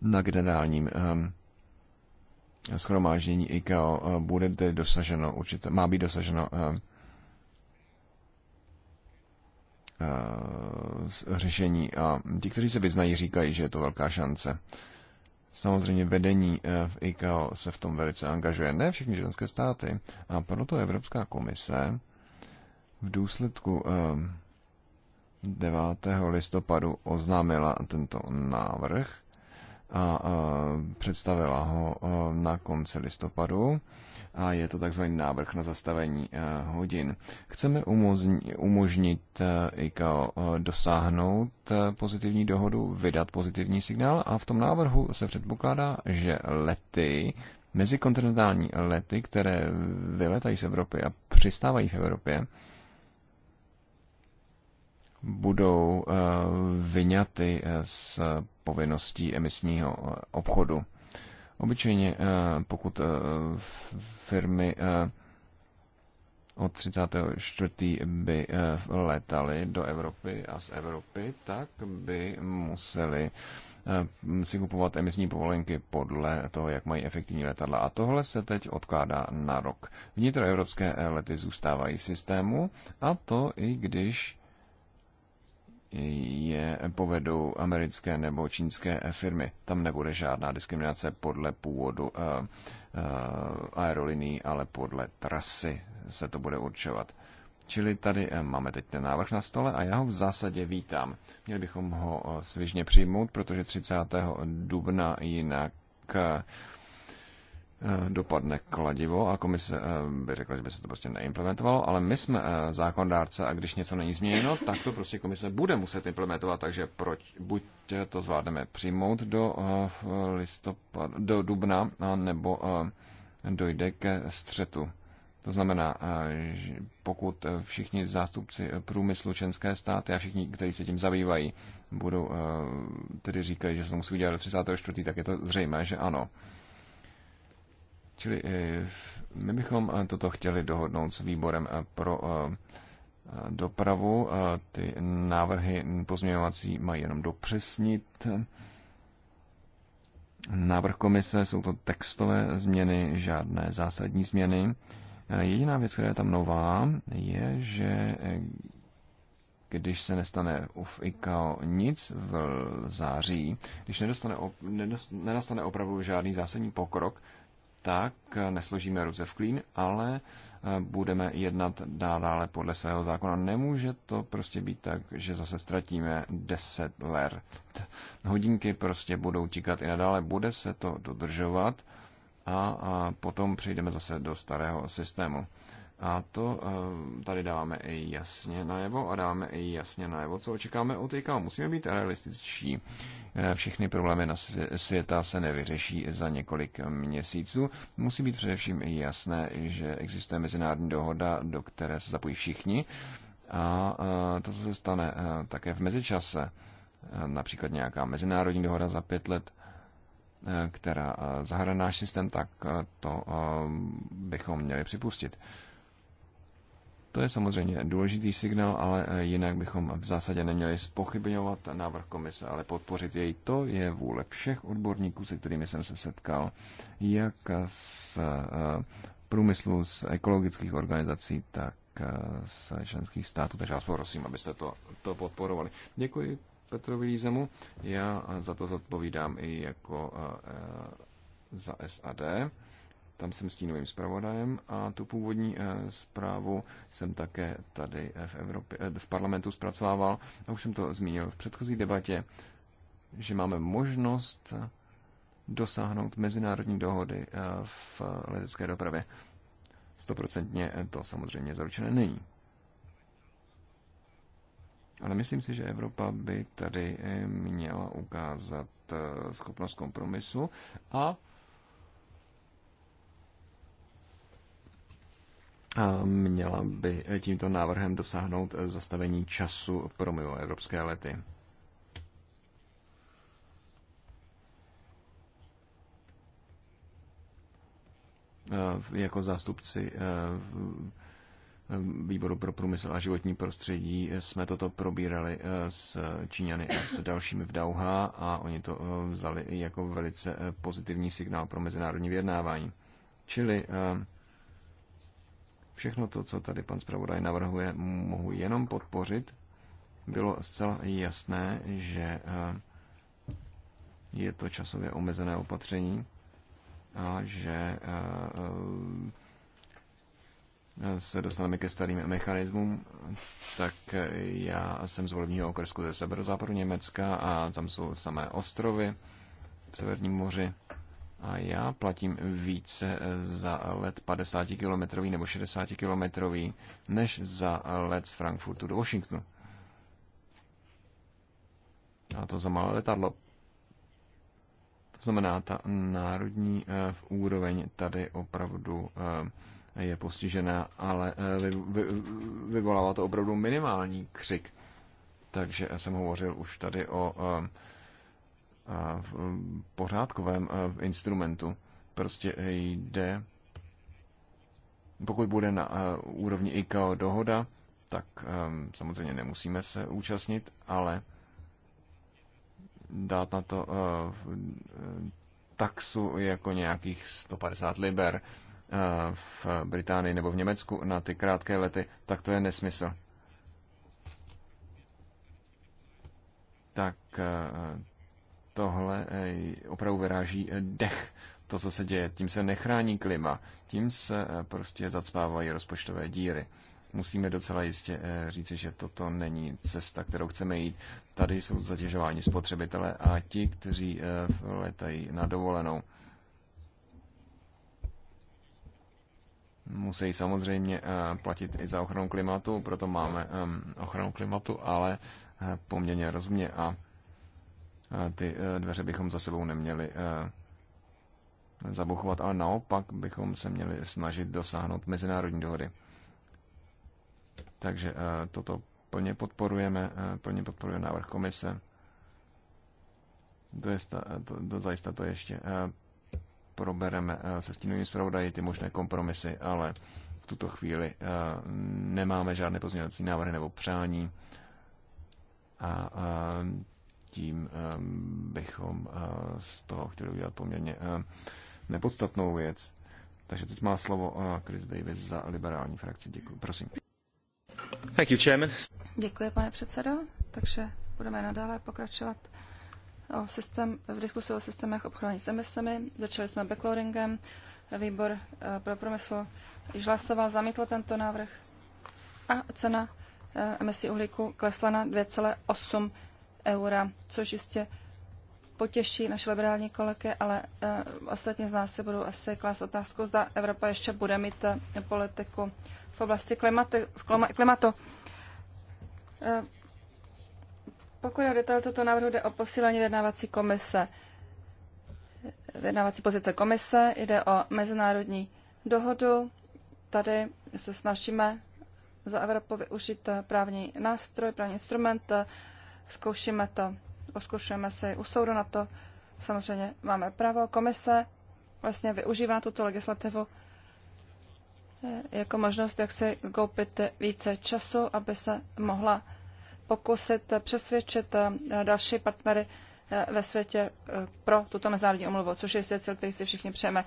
na generálním um, ehm, schromáždění ICAO eh, bude tedy dosaženo určité, má být dosaženo um, Eh, řešení. A ti, kteří se vyznají, říkají, že je to velká šance. Samozřejmě vedení eh, v ICAO se v tom velice angažuje, ne všechny členské státy. A proto Evropská komise v důsledku 9. Eh, listopadu oznámila tento návrh a představila ho na konci listopadu a je to takzvaný návrh na zastavení e, hodin. Chceme umožnit e, ICAO e, dosáhnout pozitivní dohodu, vydat pozitivní signál a v tom návrhu se předpokládá, že lety, mezikontinentální lety, které vyletají z Evropy a přistávají v Evropě, budou eh, vyňaty eh, z povinností emisního eh, obchodu. Obyčejně pokud firmy od 34. by letaly do Evropy a z Evropy, tak by museli si kupovat emisní povolenky podle toho, jak mají efektivní letadla. A tohle se teď odkládá na rok. Vnitroevropské lety zůstávají v systému a to i když je povedou americké nebo čínské firmy. Tam nebude žádná diskriminace podle původu eh, eh, aerolinií, ale podle trasy se to bude určovat. Čili tady eh, máme teď ten návrh na stole a já ho v zásadě vítám. Měli bychom ho svižně přijmout, protože 30. dubna jinak Eh, dopadne kladivo a komise eh, by řekla, že by se to prostě neimplementovalo, ale my jsme eh, zákondárce a když něco není změněno, tak to prostě komise bude muset implementovat, takže proč, buď to zvládneme přijmout do, listopad, do dubna, nebo dojde ke střetu. To znamená, že pokud všichni zástupci průmyslu členské státy a všichni, kteří se tím zabývají, budou tedy říkat, že se to musí udělat do 34., tak je to zřejmé, že ano. Čili eh, my bychom eh, toto chtěli dohodnout s výborem eh, pro dopravu. Ty návrhy pozměňovací mají jenom dopřesnit návrh komise, jsou to textové změny, žádné zásadní změny. Jediná věc, která je tam nová, je, že když se nestane v ICAO nic v září, když nedostane, nedost, nenastane opravdu žádný zásadní pokrok, tak nesložíme ruce v klín, ale eh, budeme jednat dále podle svého zákona. Nemůže to prostě být tak, že zase ztratíme 10 ler. Hodinky prostě budou tikat i nadále, bude se to dodržovat a, a potom přejdeme zase do starého systému. A to eh, tady dáváme i jasně najevo a dáváme i jasně najevo, co očekáme od ICAO. Musíme být realističtí. Eh, všechny problémy na světa se nevyřeší za několik měsíců. Musí být především i jasné, že existuje mezinárodní dohoda, do které se zapojí všichni. A eh, to, co se stane také v mezičase, například nějaká mezinárodní dohoda za pět let, která zahrne náš systém, tak to bychom měli připustit. To je samozřejmě důležitý signál, ale eh, jinak bychom v zásadě neměli spochybňovat návrh komise, ale podpořit jej. To je vůle všech odborníků, se kterými jsem se setkal, jak z eh, průmyslu, z ekologických organizací, tak eh, z členských států. Takže vás prosím, abyste to, to podporovali. Děkuji Petrovi Lízemu. Já za to zodpovídám i jako za SAD. Tam jsem stínovým zpravodajem a tu původní eh, zprávu jsem také tady eh, v, Evropě, eh, v parlamentu zpracovával. A už jsem to zmínil v předchozí debatě, že máme možnost dosáhnout mezinárodní dohody v letecké dopravě. Stoprocentně to samozřejmě zaručené není. Ale myslím si, že Evropa by tady měla ukázat schopnost kompromisu a A měla by tímto návrhem dosáhnout zastavení času pro evropské lety. Jako zástupci e, e, výboru pro průmysl a životní prostředí jsme toto probírali e, s Číňany a s dalšími v Dauha a oni to vzali jako velice pozitivní signál pro mezinárodní vyjednávání. Čili Všechno to, co tady pan zpravodaj navrhuje, mohu jenom podpořit. Bylo zcela jasné, že eh, je to časově omezené opatření a že eh, eh, se dostaneme ke starým mechanismům, tak já jsem z volebního okresku ze severozápadu Německa a tam jsou samé ostrovy v Severním moři a já platím více za let 50-kilometrový nebo 60-kilometrový, než za let z Frankfurtu do Washingtonu. A to za malé letadlo. To znamená, ta národní uh, úroveň tady opravdu uh, je postižená, ale uh, vy, vy, vyvolává to opravdu minimální křik. Takže jsem hovořil už tady o uh, Mm, pořádkovém e, instrumentu. Prostě jde, pokud bude na e, úrovni ICAO dohoda, tak e, samozřejmě nemusíme se účastnit, ale dát na to taxu jako nějakých 150 liber v Británii nebo v Německu na ty krátké lety, tak to je nesmysl. Tak tohle eh, opravdu vyráží eh, dech, to, co se děje. Tím se nechrání klima, tím se eh, prostě zacpávají rozpočtové díry. Musíme docela jistě říci, že toto není cesta, kterou chceme jít. Tady jsou zatěžováni spotřebitele a ti, kteří letají na dovolenou. Musí samozřejmě platit i za ochranu klimatu, proto máme ehm, ochranu klimatu, ale poměrně rozumně a ty eh, dveře bychom za sebou neměli eh, zabuchovat, ale naopak bychom se měli snažit dosáhnout mezinárodní dohody. Takže eh, toto plně podporujeme, plně podporujeme návrh komise. Dojista, to, do zajista to ještě probereme se stínovým zpravodají ty možné kompromisy, ale v tuto chvíli nemáme žádné pozměňovací návrhy nebo přání a tím eh, bychom eh, z toho chtěli udělat poměrně eh, nepodstatnou věc. Takže teď má slovo Chris Davis za liberální frakci. Děkuji. Prosím. Thank you, chairman. Děkuji, pane předsedo. Takže budeme nadále pokračovat o systém, v diskusi o systémech obchodování s emisemi. Začali jsme backloadingem. Výbor pro průmysl již hlasoval, zamítl tento návrh a cena emisí uhlíku klesla na 2,8 eura, což jistě potěší naše liberální kolegy, ale uh, ostatně z nás se budou asi klást otázku, zda Evropa ještě bude mít uh, politiku v oblasti klimatu. V klima, klimatu. Uh, pokud je o detail toto návrhu, jde o posílení vyjednávací komise. Vyjednávací pozice komise jde o mezinárodní dohodu. Tady se snažíme za Evropu využít právní nástroj, právní instrument, uh, zkoušíme to, oskoušujeme se u soudu na to, samozřejmě máme právo. Komise vlastně využívá tuto legislativu eh, jako možnost, jak si koupit více času, aby se mohla pokusit přesvědčit eh, další partnery eh, ve světě pro tuto mezinárodní umluvu, což je cíl, který si všichni přejeme.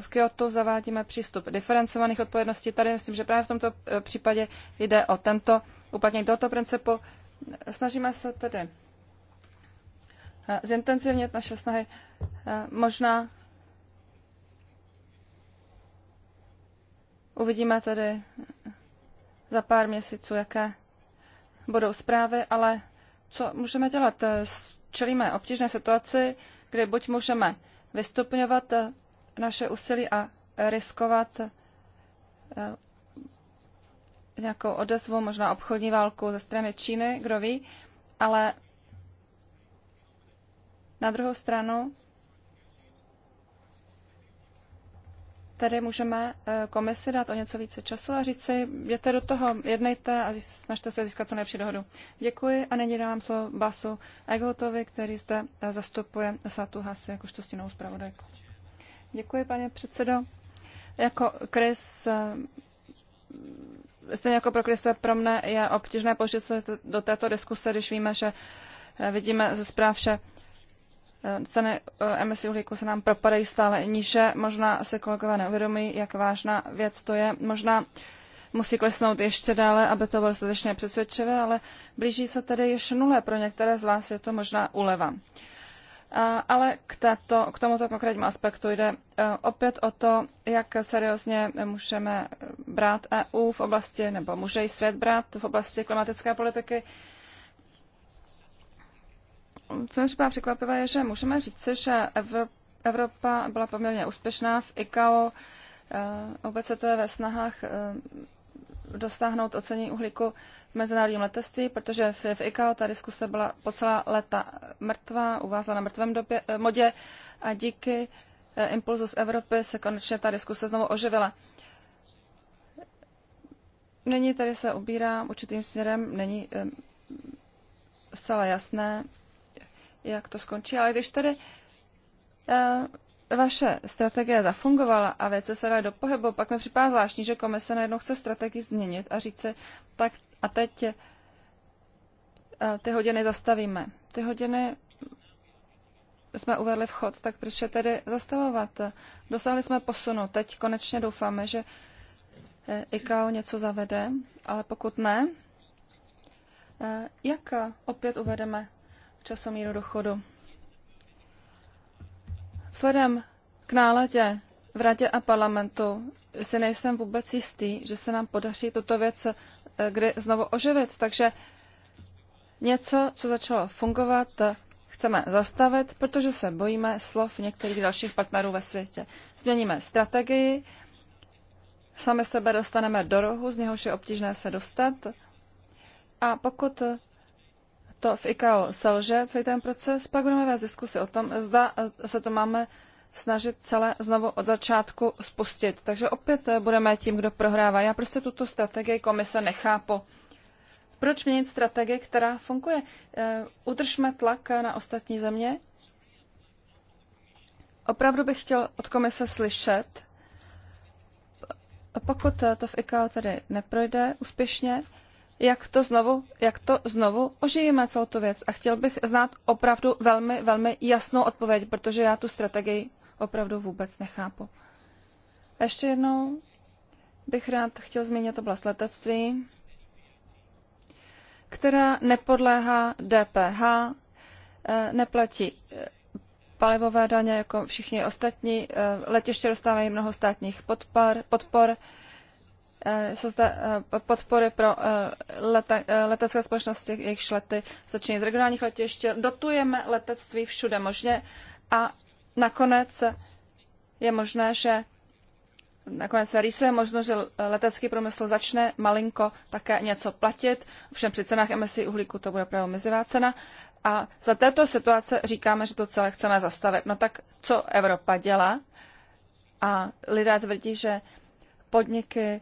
V Kyoto zavádíme přístup diferencovaných odpovědností. Tady myslím, že právě v tomto případě jde o tento uplatnění tohoto principu Snažíme se tedy eh, zintenzivnit naše snahy. Eh, možná uvidíme tedy za pár měsíců, jaké budou zprávy, ale co můžeme dělat? Eh, čelíme obtížné situaci, kdy buď můžeme vystupňovat naše úsilí a riskovat nějakou odezvu, možná obchodní válku ze strany Číny, kdo ví, ale na druhou stranu tady můžeme eh, komisi dát o něco více času a říct si, jděte do toho, jednejte a snažte se získat co nejlepší dohodu. Děkuji a nyní dávám slovo Basu Egotovi, který zde eh, zastupuje Satu Hasi jako štostinou zpravodajku. Děkuji, pane předsedo. Jako Chris eh, stejně jako pro Krise, pro mne je obtížné použít se do této diskuse, když víme, že eh, vidíme ze zpráv, že eh, ceny eh, emisí uhlíku se nám propadají stále níže. Možná se kolegové neuvědomí, jak vážná věc to je. Možná musí klesnout ještě dále, aby to bylo dostatečně přesvědčivé, ale blíží se tedy již nule. Pro některé z vás je to možná uleva. Ale k, tato, k tomuto konkrétnímu aspektu jde e, opět o to, jak seriózně můžeme brát EU v oblasti, nebo může i svět brát v oblasti klimatické politiky. Co mi připadá překvapivé, je, že můžeme říci, že Evropa byla poměrně úspěšná v ICAO, e, Obecně to je ve snahách e, dosáhnout ocenění uhlíku v mezinárodním letectví, protože v, v ICAO ta diskuse byla po celá léta mrtvá, uvázla na mrtvém době, eh, modě a díky eh, impulzu z Evropy se konečně ta diskuse znovu oživila. Není tady se ubírá určitým směrem, není eh, zcela jasné, jak to skončí, ale když tady vaše strategie zafungovala a věci se dají do pohybu, pak mi připadá zvláštní, že komise najednou chce strategii změnit a říct si, tak a teď eh, ty hodiny zastavíme. Ty hodiny jsme uvedli vchod, tak proč je tedy zastavovat? Dosáhli jsme posunu. Teď konečně doufáme, že eh, ICAO něco zavede, ale pokud ne, eh, jak opět uvedeme časomíru do chodu? Vzhledem k náladě v radě a parlamentu si nejsem vůbec jistý, že se nám podaří tuto věc eh, kdy znovu oživit. Takže něco, co začalo fungovat, eh, chceme zastavit, protože se bojíme slov některých dalších partnerů ve světě. Změníme strategii, sami sebe dostaneme do rohu, z něhož je obtížné se dostat. A pokud eh, to v ICAO selže celý ten proces, pak budeme vést diskusy o tom, zda eh, se to máme snažit celé znovu od začátku spustit. Takže opět eh, budeme tím, kdo prohrává. Já prostě tuto strategii komise nechápu. Proč měnit strategii, která funguje? Eh, udržme tlak na ostatní země. Opravdu bych chtěl od komise slyšet, pokud to v ICAO tedy neprojde úspěšně, jak to znovu, jak to znovu ožijeme celou tu věc. A chtěl bych znát opravdu velmi, velmi jasnou odpověď, protože já tu strategii opravdu vůbec nechápu. A ještě jednou bych rád chtěl zmínit oblast letectví, která nepodléhá DPH, eh, neplatí eh, palivové daně jako všichni ostatní. Eh, letiště dostávají mnoho státních podpor, podpor Eh, jsou zde eh, podpory pro eh, letecké společnosti, jejichž lety začínají z regionálních letišť. Dotujeme letectví všude možně a nakonec je možné, že nakonec se rýsuje možnost, že letecký průmysl začne malinko také něco platit. Všem při cenách emisí uhlíku to bude právě mizivá cena. A za této situace říkáme, že to celé chceme zastavit. No tak co Evropa dělá? A lidé tvrdí, že podniky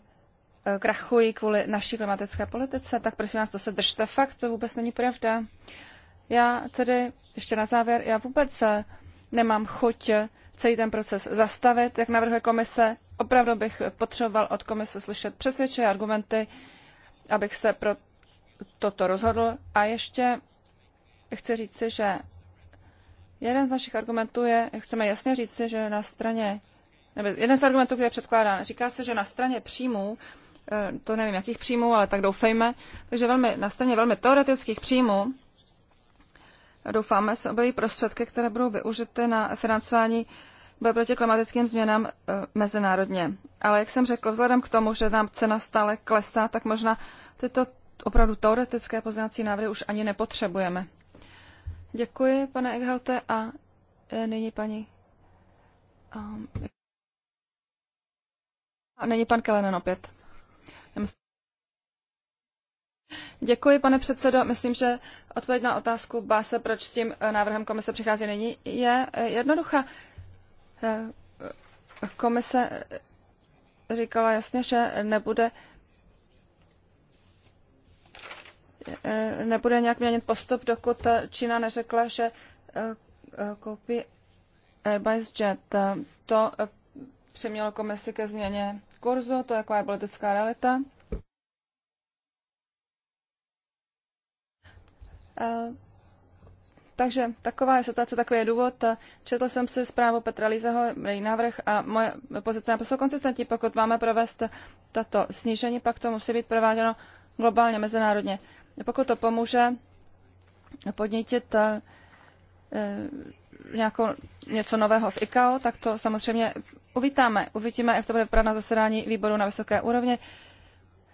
Eh, krachují kvůli naší klimatické politice, tak prosím vás, to se držte fakt, to vůbec není pravda. Já tedy, ještě na závěr, já vůbec eh, nemám chuť eh, celý ten proces zastavit, jak navrhuje komise. Opravdu bych potřeboval od komise slyšet přesvědčené argumenty, abych se pro toto rozhodl. A ještě chci říci, že jeden z našich argumentů je, chceme jasně říci, že na straně, nebo jeden z argumentů, který je předkládán, říká se, že na straně příjmů Eh, to nevím, jakých příjmů, ale tak doufejme. Takže velmi, na straně velmi teoretických příjmů doufáme se objeví prostředky, které budou využity na financování boje proti klimatickým změnám e, mezinárodně. Ale jak jsem řekl, vzhledem k tomu, že nám cena stále klesá, tak možná tyto opravdu teoretické poznávací návrhy už ani nepotřebujeme. Děkuji, pane Eghaute, a e, nyní paní... Um, a nyní pan Kelenen opět. Děkuji, pane předsedo. Myslím, že odpověď na otázku Báse, proč s tím eh, návrhem komise přichází nyní, je eh, jednoduchá. Eh, komise říkala jasně, že nebude nebude nějak měnit postup, dokud Čína neřekla, že koupí Airbus Jet. To přimělo komisi ke změně Korzo, to je jaká je politická realita. Eh, takže taková je situace, takový je důvod. Četl jsem si zprávu Petra Lízeho, její návrh a moje pozice naprosto konsistentní. Pokud máme provést tato snížení, pak to musí být prováděno globálně, mezinárodně. Pokud to pomůže podnítit eh, nějakou, něco nového v ICAO, tak to samozřejmě uvítáme. Uvidíme, jak to bude vypadat na zasedání výboru na vysoké úrovni,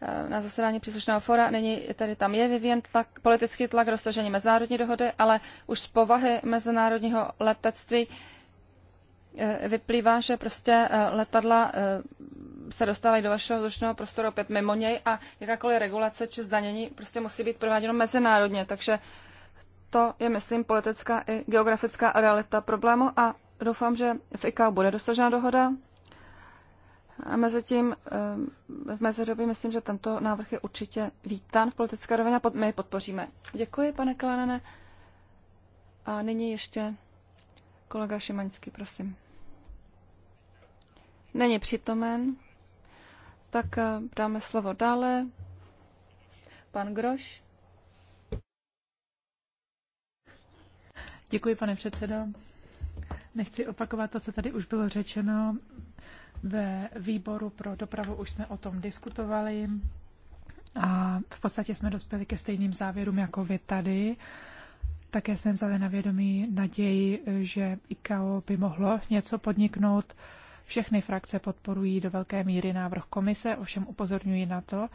eh, na zasedání příslušného fora. Není tady tam je vyvíjen tlak, politický tlak dosažení mezinárodní dohody, ale už z povahy mezinárodního letectví eh, vyplývá, že prostě eh, letadla se dostávají do vašeho vzdušného prostoru opět mimo něj a jakákoliv regulace či zdanění prostě musí být prováděno mezinárodně. Takže to je, myslím, politická i geografická realita problému a doufám, že v ICAO bude dosažena dohoda. A mezi tím, eh, v mezidobí myslím, že tento návrh je určitě vítán v politické rovině a my jej podpoříme. Děkuji, pane Kalenene. A nyní ještě kolega Šimaňský, prosím. Není přítomen, tak eh, dáme slovo dále. Pan Groš. Děkuji, pane předsedo. Nechci opakovat to, co tady už bylo řečeno. Ve výboru pro dopravu už jsme o tom diskutovali a v podstatě jsme dospěli ke stejným závěrům jako vy tady. Také jsme vzali na vědomí naději, že ICAO by mohlo něco podniknout. Všechny frakce podporují do velké míry návrh komise, ovšem upozorňují na to,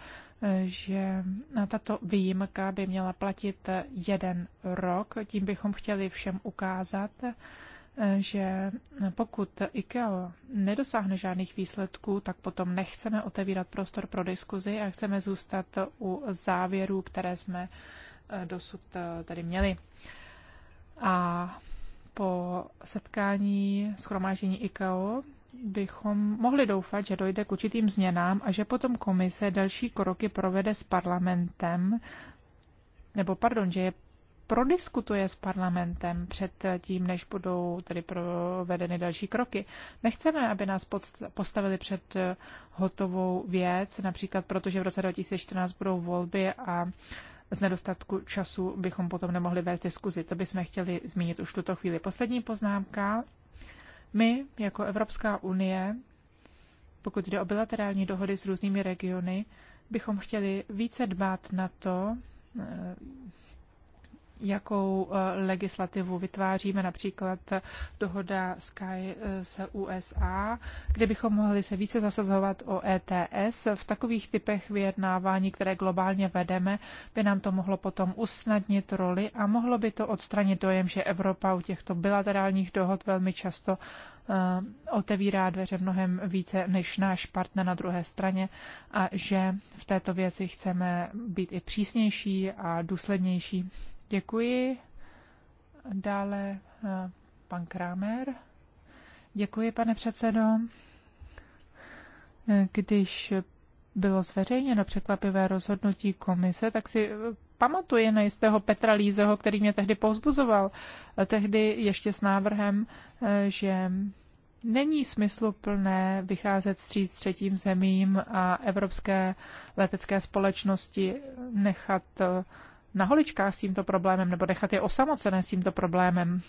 že na tato výjimka by měla platit jeden rok. Tím bychom chtěli všem ukázat, že pokud IKEA nedosáhne žádných výsledků, tak potom nechceme otevírat prostor pro diskuzi a chceme zůstat u závěrů, které jsme eh, dosud eh, tady měli. A po setkání schromáždění IKEA bychom mohli doufat, že dojde k určitým změnám a že potom komise další kroky provede s parlamentem, nebo pardon, že je prodiskutuje s parlamentem před tím, než budou tedy provedeny další kroky. Nechceme, aby nás postavili před hotovou věc, například protože v roce 2014 budou volby a z nedostatku času bychom potom nemohli vést diskuzi. To bychom chtěli zmínit už tuto chvíli. Poslední poznámka. My jako Evropská unie, pokud jde o bilaterální dohody s různými regiony, bychom chtěli více dbát na to, jakou eh, legislativu vytváříme, například dohoda Sky eh, s USA, kde bychom mohli se více zasazovat o ETS. V takových typech vyjednávání, které globálně vedeme, by nám to mohlo potom usnadnit roli a mohlo by to odstranit dojem, že Evropa u těchto bilaterálních dohod velmi často eh, otevírá dveře mnohem více než náš partner na druhé straně a že v této věci chceme být i přísnější a důslednější. Děkuji. Dále eh, pan Kramer. Děkuji, pane předsedo. Eh, když bylo zveřejněno překvapivé rozhodnutí komise, tak si eh, pamatuji na jistého Petra Lízeho, který mě tehdy povzbuzoval. Tehdy ještě s návrhem, že není smysluplné vycházet vstříc třetím zemím a evropské letecké společnosti nechat na holička s tímto problémem nebo nechat je osamocené s tímto problémem.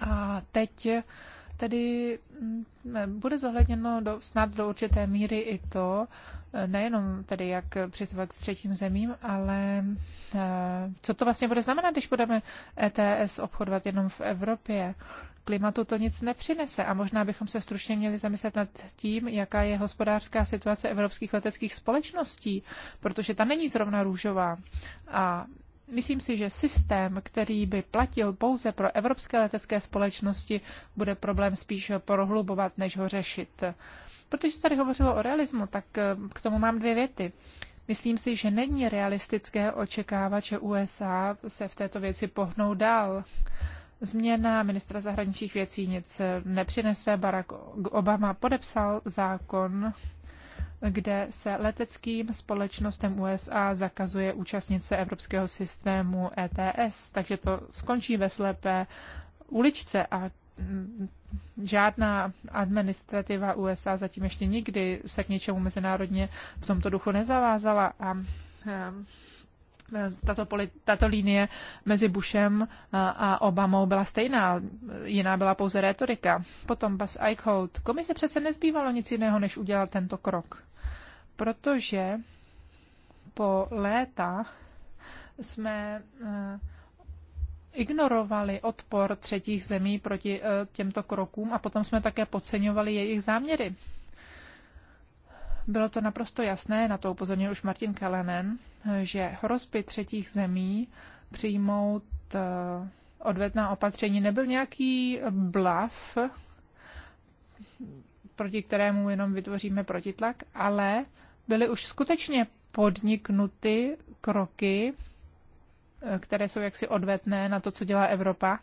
A teď tedy mm, bude zohledněno do, snad do určité míry i to, eh, nejenom tedy jak přizvat s třetím zemím, ale eh, co to vlastně bude znamenat, když budeme ETS obchodovat jenom v Evropě klimatu to nic nepřinese. A možná bychom se stručně měli zamyslet nad tím, jaká je hospodářská situace evropských leteckých společností, protože ta není zrovna růžová. A Myslím si, že systém, který by platil pouze pro evropské letecké společnosti, bude problém spíš prohlubovat, než ho řešit. Protože se tady hovořilo o realismu, tak eh, k tomu mám dvě věty. Myslím si, že není realistické očekávat, že USA se v této věci pohnou dál. Změna ministra zahraničních věcí nic nepřinese. Barack Obama podepsal zákon, kde se leteckým společnostem USA zakazuje účastnice evropského systému ETS, takže to skončí ve slepé uličce a žádná administrativa USA zatím ještě nikdy se k něčemu mezinárodně v tomto duchu nezavázala a ehm, tato, poli, tato linie mezi Bushem a Obamou byla stejná, jiná byla pouze retorika. Potom Bas Eichhout. Komise přece nezbývalo nic jiného, než udělat tento krok. Protože po léta jsme eh, ignorovali odpor třetích zemí proti eh, těmto krokům a potom jsme také podceňovali jejich záměry bylo to naprosto jasné, na to upozornil už Martin Kellenen, že hrozby třetích zemí přijmout eh, odvetná opatření nebyl nějaký blav, proti kterému jenom vytvoříme protitlak, ale byly už skutečně podniknuty kroky, eh, které jsou jaksi odvetné na to, co dělá Evropa.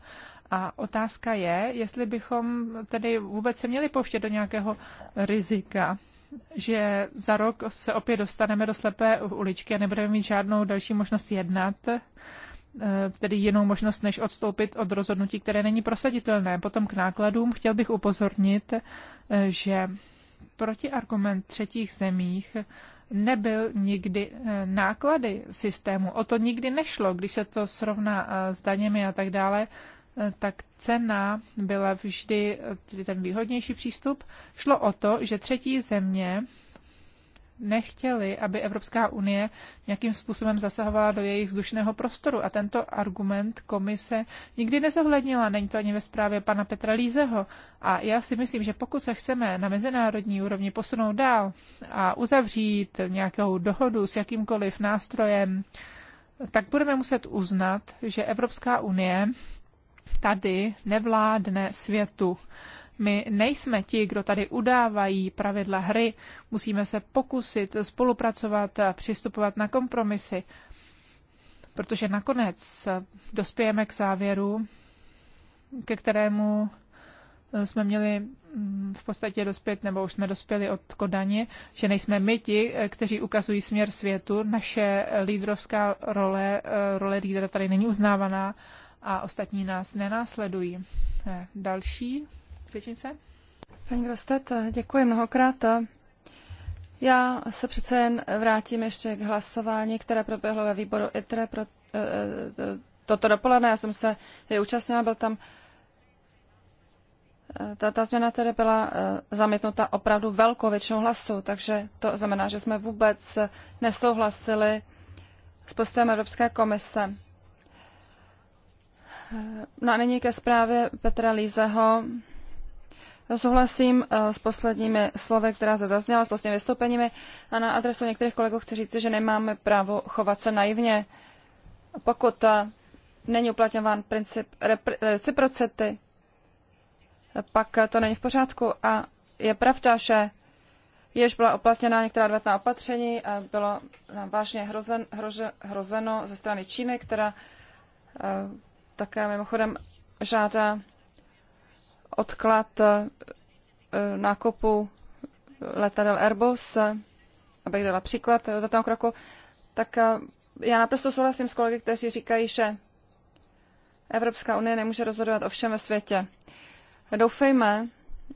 A otázka je, jestli bychom tedy vůbec se měli pouštět do nějakého rizika že za rok se opět dostaneme do slepé uličky a nebudeme mít žádnou další možnost jednat, eh, tedy jinou možnost, než odstoupit od rozhodnutí, které není prosaditelné. Potom k nákladům chtěl bych upozornit, eh, že protiargument třetích zemích nebyl nikdy eh, náklady systému. O to nikdy nešlo, když se to srovná s daněmi a tak dále tak cena byla vždy ten výhodnější přístup. Šlo o to, že třetí země nechtěli, aby Evropská unie nějakým způsobem zasahovala do jejich vzdušného prostoru. A tento argument komise nikdy nezohlednila. Není to ani ve zprávě pana Petra Lízeho. A já si myslím, že pokud se chceme na mezinárodní úrovni posunout dál a uzavřít nějakou dohodu s jakýmkoliv nástrojem, tak budeme muset uznat, že Evropská unie tady nevládne světu. My nejsme ti, kdo tady udávají pravidla hry. Musíme se pokusit spolupracovat a přistupovat na kompromisy, protože nakonec dospějeme k závěru, ke kterému eh, jsme měli mm, v podstatě dospět, nebo už jsme dospěli od Kodani, že nejsme my ti, eh, kteří ukazují směr světu. Naše lídrovská role, eh, role lídra tady není uznávaná a ostatní nás nenásledují. Eh, Další řečnice? Paní Grostet, eh, děkuji mnohokrát. Eh, Já se přece jen vrátím ještě k hlasování, které proběhlo ve výboru ITRE pro toto dopoledne. Já jsem se je účastnila, byl tam ta, ta změna tedy byla zamítnuta opravdu velkou většinou hlasů, takže to znamená, že jsme vůbec nesouhlasili s postojem Evropské komise. No a nyní ke zprávě Petra Lízeho. Souhlasím eh, s posledními slovy, která se zazněla, s posledními vystoupeními a na adresu některých kolegů chci říct, že nemáme právo chovat se naivně. Pokud eh, není uplatňován princip reciprocity, pak eh, to není v pořádku a je pravda, že jež byla uplatněna některá odvetná opatření, bylo nám vážně hrozen, hrozeno ze strany Číny, která také mimochodem žádá odklad eh, nákupu letadel Airbus, abych dala příklad do toho kroku, tak eh, já naprosto souhlasím s kolegy, kteří říkají, že Evropská unie nemůže rozhodovat o všem ve světě. Doufejme,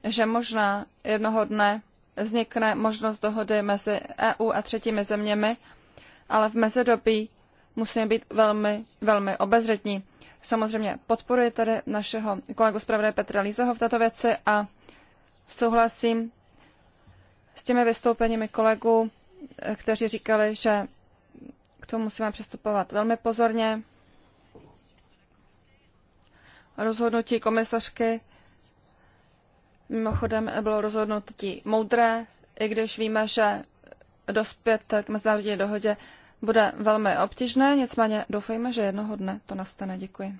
že možná jednoho dne vznikne možnost dohody mezi EU a třetími zeměmi, ale v mezidobí musíme být velmi, velmi obezřetní. Samozřejmě podporuji tady našeho kolegu zpravodaje Petra Lízeho v této věci a souhlasím s těmi vystoupeními kolegů, kteří říkali, že k tomu musíme přistupovat velmi pozorně. Rozhodnutí komisařky mimochodem bylo rozhodnutí moudré, i když víme, že dospět k mezinárodní dohodě bude velmi obtížné, nicméně doufejme, že jednoho dne to nastane. Děkuji.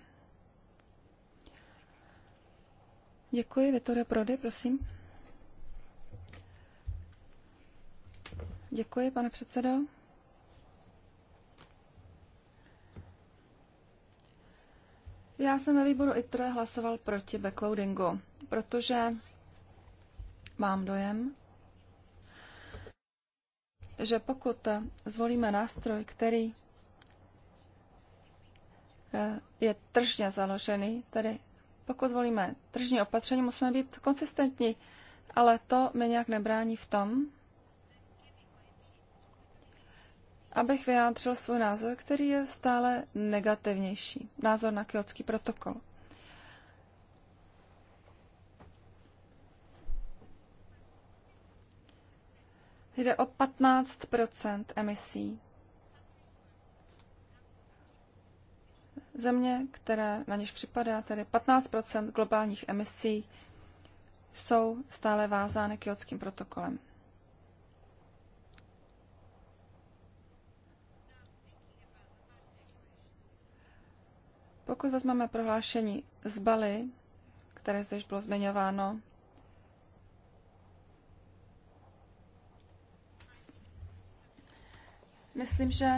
Děkuji. Vitore Prody, prosím. Děkuji, pane předsedo. Já jsem ve výboru ITRE hlasoval proti backloadingu, protože mám dojem, že pokud zvolíme nástroj, který eh, je tržně založený, tedy pokud zvolíme tržní opatření, musíme být konsistentní, ale to mi nějak nebrání v tom, abych vyjádřil svůj názor, který je stále negativnější. Názor na kyotský protokol. Jde o 15 emisí. Země, které na něž připadá, tedy 15 globálních emisí, jsou stále vázány kyotským protokolem. Pokud vezmeme prohlášení z Bali, které zde již bylo zmiňováno, Myslím, že,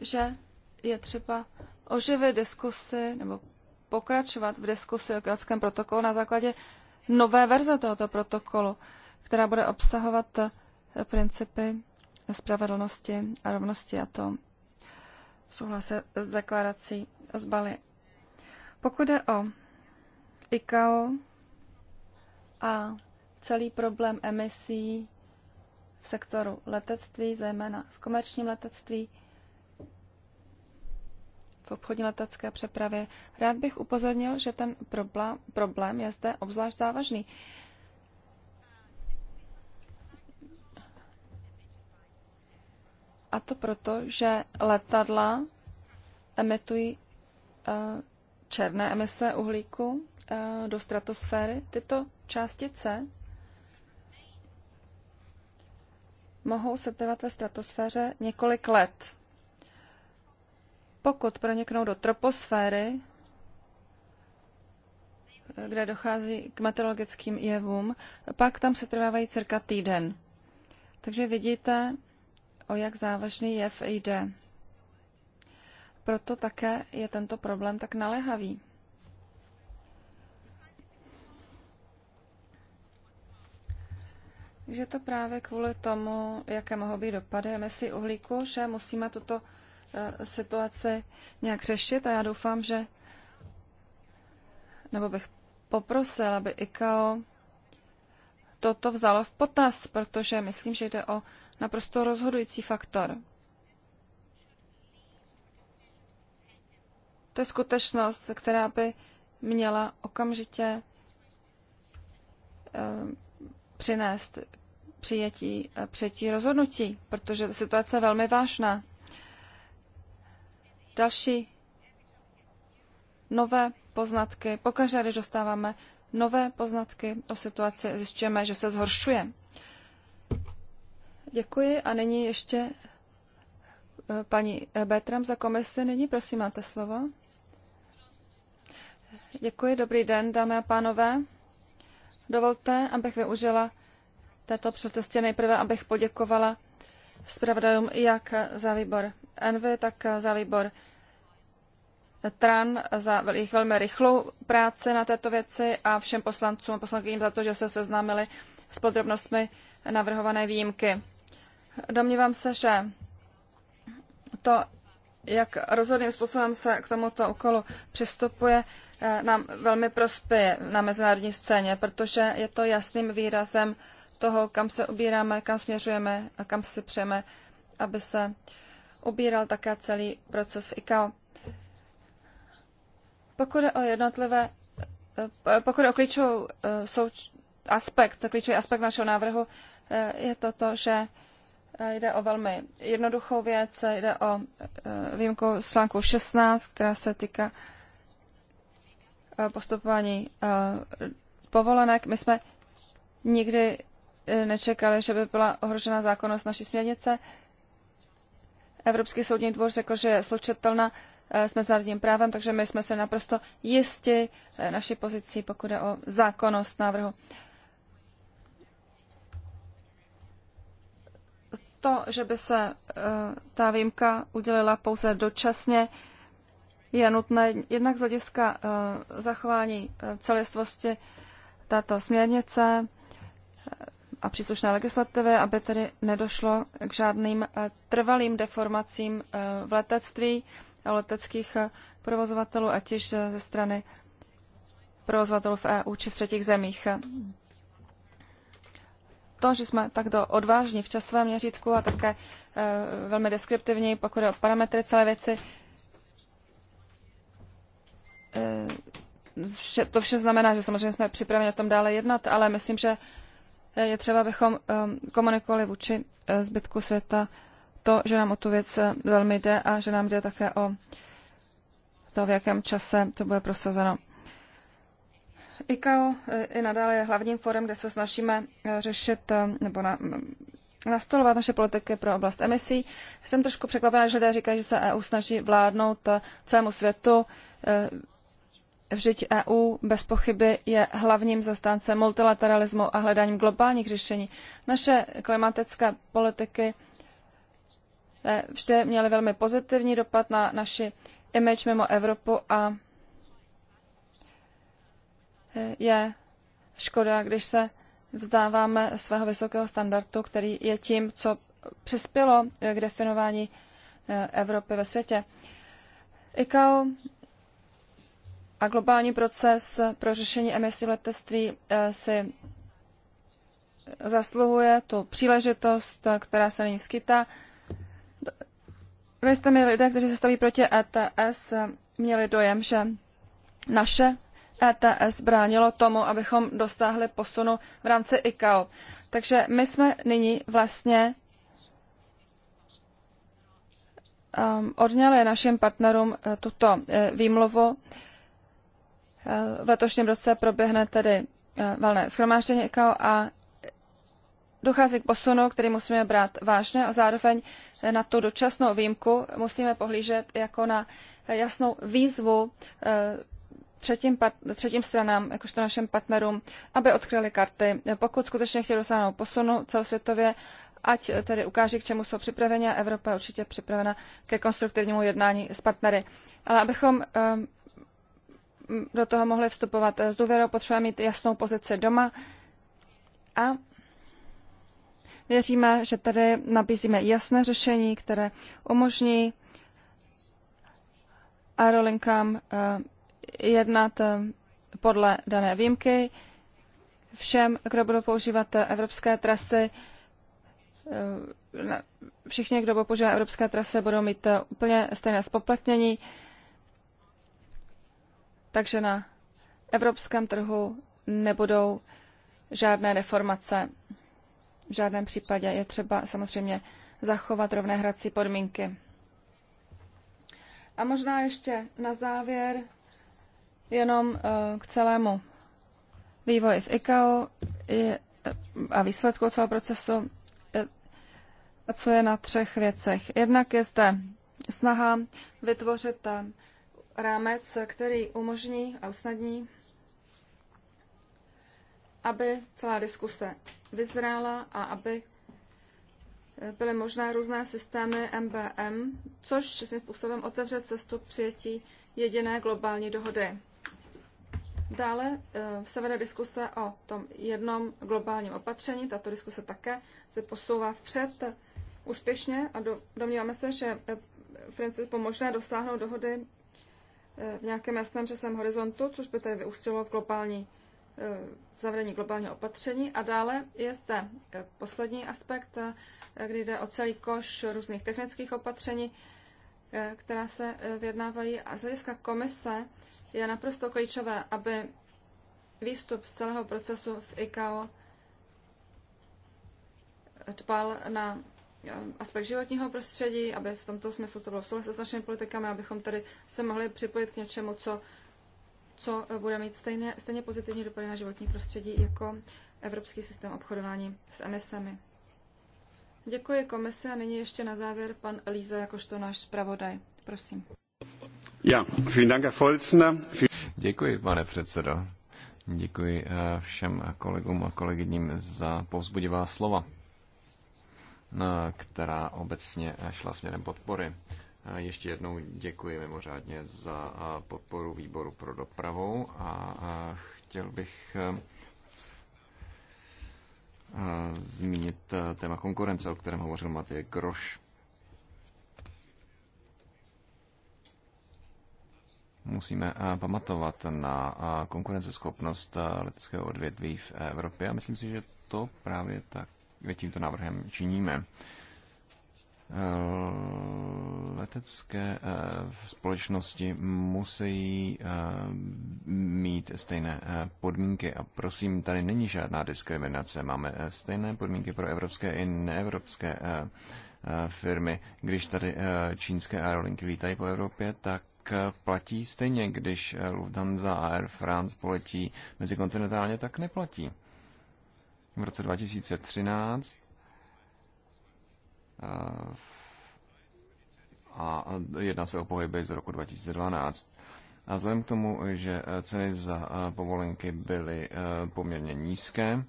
že je třeba oživit diskusy nebo pokračovat v diskusi o kyotském protokolu na základě nové verze tohoto protokolu, která bude obsahovat eh, principy spravedlnosti a rovnosti a to v souhlase s deklarací z Bali. Pokud je o ICAO a celý problém emisí v sektoru letectví, zejména v komerčním letectví, v obchodní letecké přepravě. Rád bych upozornil, že ten problém, problém je zde obzvlášť závažný. A to proto, že letadla emitují eh, černé emise uhlíku eh, do stratosféry. Tyto částice mohou setrvat ve stratosféře několik let. Pokud proniknou do troposféry, kde dochází k meteorologickým jevům, pak tam se trvávají cirka týden. Takže vidíte, o jak závažný jev jde. Proto také je tento problém tak naléhavý. že to právě kvůli tomu, jaké mohou být dopady emisí uhlíku, že musíme tuto eh, situaci nějak řešit a já doufám, že nebo bych poprosil, aby ICAO toto vzalo v potaz, protože myslím, že jde o naprosto rozhodující faktor. To je skutečnost, která by měla okamžitě eh, přinést přijetí, eh, přijetí rozhodnutí, protože situace je velmi vážná. Další nové poznatky. Pokaždé, když dostáváme nové poznatky o situaci, zjišťujeme, že se zhoršuje. Děkuji a nyní ještě eh, paní Betram za komisi. Nyní prosím, máte slovo. Děkuji, dobrý den, dámy a pánové. Dovolte, abych využila této příležitosti nejprve, abych poděkovala zpravodajům jak za výbor Envy, tak za výbor TRAN za jejich velmi rychlou práci na této věci a všem poslancům a poslankyním za to, že se seznámili s podrobnostmi navrhované výjimky. Domnívám se, že to, jak rozhodným způsobem se k tomuto úkolu přistupuje, Eh, nám velmi prospěje na mezinárodní scéně, protože je to jasným výrazem toho, kam se ubíráme, kam směřujeme a kam si přejeme, aby se ubíral také celý proces v ICAO. Pokud je o jednotlivé, eh, pokud je o klíčovou eh, souč- aspekt, klíčový aspekt našeho návrhu, je to to, že jde o velmi jednoduchou věc, jde o výjimku z článku 16, která se týká Eh, postupování eh, povolenek. My jsme nikdy eh, nečekali, že by byla ohrožena zákonnost naší směrnice. Evropský soudní dvůr řekl, že je slučitelná s mezinárodním právem, takže my jsme se naprosto jisti naší pozicí, pokud je o zákonnost návrhu. To, že by se ta výjimka udělila pouze dočasně, je nutné jednak z hlediska eh, zachování eh, celistvosti této směrnice eh, a příslušné legislativy, aby tedy nedošlo k žádným trvalým deformacím v letectví leteckých provozovatelů, ať již ze strany provozovatelů v EU či v třetích zemích. To, že jsme takto odvážní v časovém měřítku a také velmi deskriptivní, pokud je o parametry celé věci, Eh, vše, to vše znamená, že samozřejmě jsme připraveni o tom dále jednat, ale myslím, že eh, je třeba, abychom ehm, komunikovali vůči eh, zbytku světa to, že nám o tu věc velmi jde a že nám jde také o to, v jakém čase to bude prosazeno. ICAO i nadále je hlavním forem, kde se snažíme řešit nebo na, mm, nastolovat naše politiky pro oblast emisí. Jsem trošku překvapená, že lidé říkají, že se EU snaží vládnout celému světu Vždyť EU bez pochyby je hlavním zastáncem multilateralismu a hledáním globálních řešení. Naše klimatické politiky eh, vždy měly velmi pozitivní dopad na naši image mimo Evropu a eh, je škoda, když se vzdáváme svého vysokého standardu, který je tím, co přispělo k definování eh, Evropy ve světě. ICAO a globální proces pro řešení emisí v letectví eh, si eh, zasluhuje tu příležitost, eh, která se nyní skytá. Byli jste mi lidé, kteří se staví proti ETS, měli dojem, že naše ETS bránilo tomu, abychom dostáhli posunu v rámci ICAO. Takže my jsme nyní vlastně um, odňali našim partnerům tuto výmluvu v letošním roce proběhne tedy eh, valné schromáždění ICAO a dochází k posunu, který musíme brát vážně a zároveň na tu dočasnou výjimku musíme pohlížet jako na jasnou výzvu eh, třetím, třetím stranám, jakožto našim partnerům, aby odkryli karty. Pokud skutečně chtějí dosáhnout posunu celosvětově, ať tedy ukáží, k čemu jsou připraveni a Evropa je určitě připravena ke konstruktivnímu jednání s partnery. Ale abychom eh, do toho mohli vstupovat s důvěrou, potřebujeme mít jasnou pozici doma a věříme, že tady nabízíme jasné řešení, které umožní aerolinkám eh, jednat eh, podle dané výjimky. Všem, kdo budou používat eh, evropské trasy, všichni, kdo budou používat evropské trasy, budou mít úplně stejné spoplatnění takže na evropském trhu nebudou žádné deformace. V žádném případě je třeba samozřejmě zachovat rovné hrací podmínky. A možná ještě na závěr jenom eh, k celému vývoji v ICAO eh, a výsledku celého procesu, eh, co je na třech věcech. Jednak je zde snaha vytvořit rámec, který umožní a usnadní, aby celá diskuse vyzrála a aby byly možné různé systémy MBM, což svým způsobem otevře cestu k přijetí jediné globální dohody. Dále eh, se vede diskuse o tom jednom globálním opatření. Tato diskuse také se posouvá vpřed úspěšně a do, domníváme se, že eh, principu možné dosáhnout dohody v nějakém jasném časem horizontu, což by tedy vyústilo v globální eh, v zavedení globálního opatření. A dále je zde eh, poslední aspekt, eh, kdy jde o celý koš různých technických opatření, která se vyjednávají. A z hlediska komise je naprosto klíčové, aby výstup z celého procesu v ICAO dbal na aspekt životního prostředí, aby v tomto smyslu to bylo v s našimi politikami, abychom tady se mohli připojit k něčemu, co, co eh, bude mít stejné, stejně pozitivní dopady na životní prostředí jako evropský systém obchodování s emisemi. Děkuji komise a nyní ještě na závěr pan Líza jakožto náš zpravodaj. Prosím. Ja, vielen Dank, Herr Volzner. Děkuji, pane předsedo. Děkuji eh, všem kolegům a kolegyním za povzbudivá slova. Eh, která obecně šla směrem podpory. Eh, ještě jednou děkuji mimořádně za eh, podporu výboru pro dopravu a chtěl bych zmínit téma konkurence, o kterém hovořil Matěj Groš. Musíme pamatovat na konkurenceschopnost leteckého odvětví v Evropě a myslím si, že to právě tak tímto návrhem činíme. Eh, letecké eh, společnosti musí eh, mít stejné podmínky a prosím, tady není žádná diskriminace. Máme stejné podmínky pro evropské i neevropské firmy. Když tady čínské aerolinky lítají po Evropě, tak platí stejně, když Lufthansa a Air France poletí mezikontinentálně, tak neplatí v roce 2013 eh, a jedná se o pohyby z roku 2012. A vzhledem k tomu, že eh, ceny za eh, povolenky byly poměrně nízké,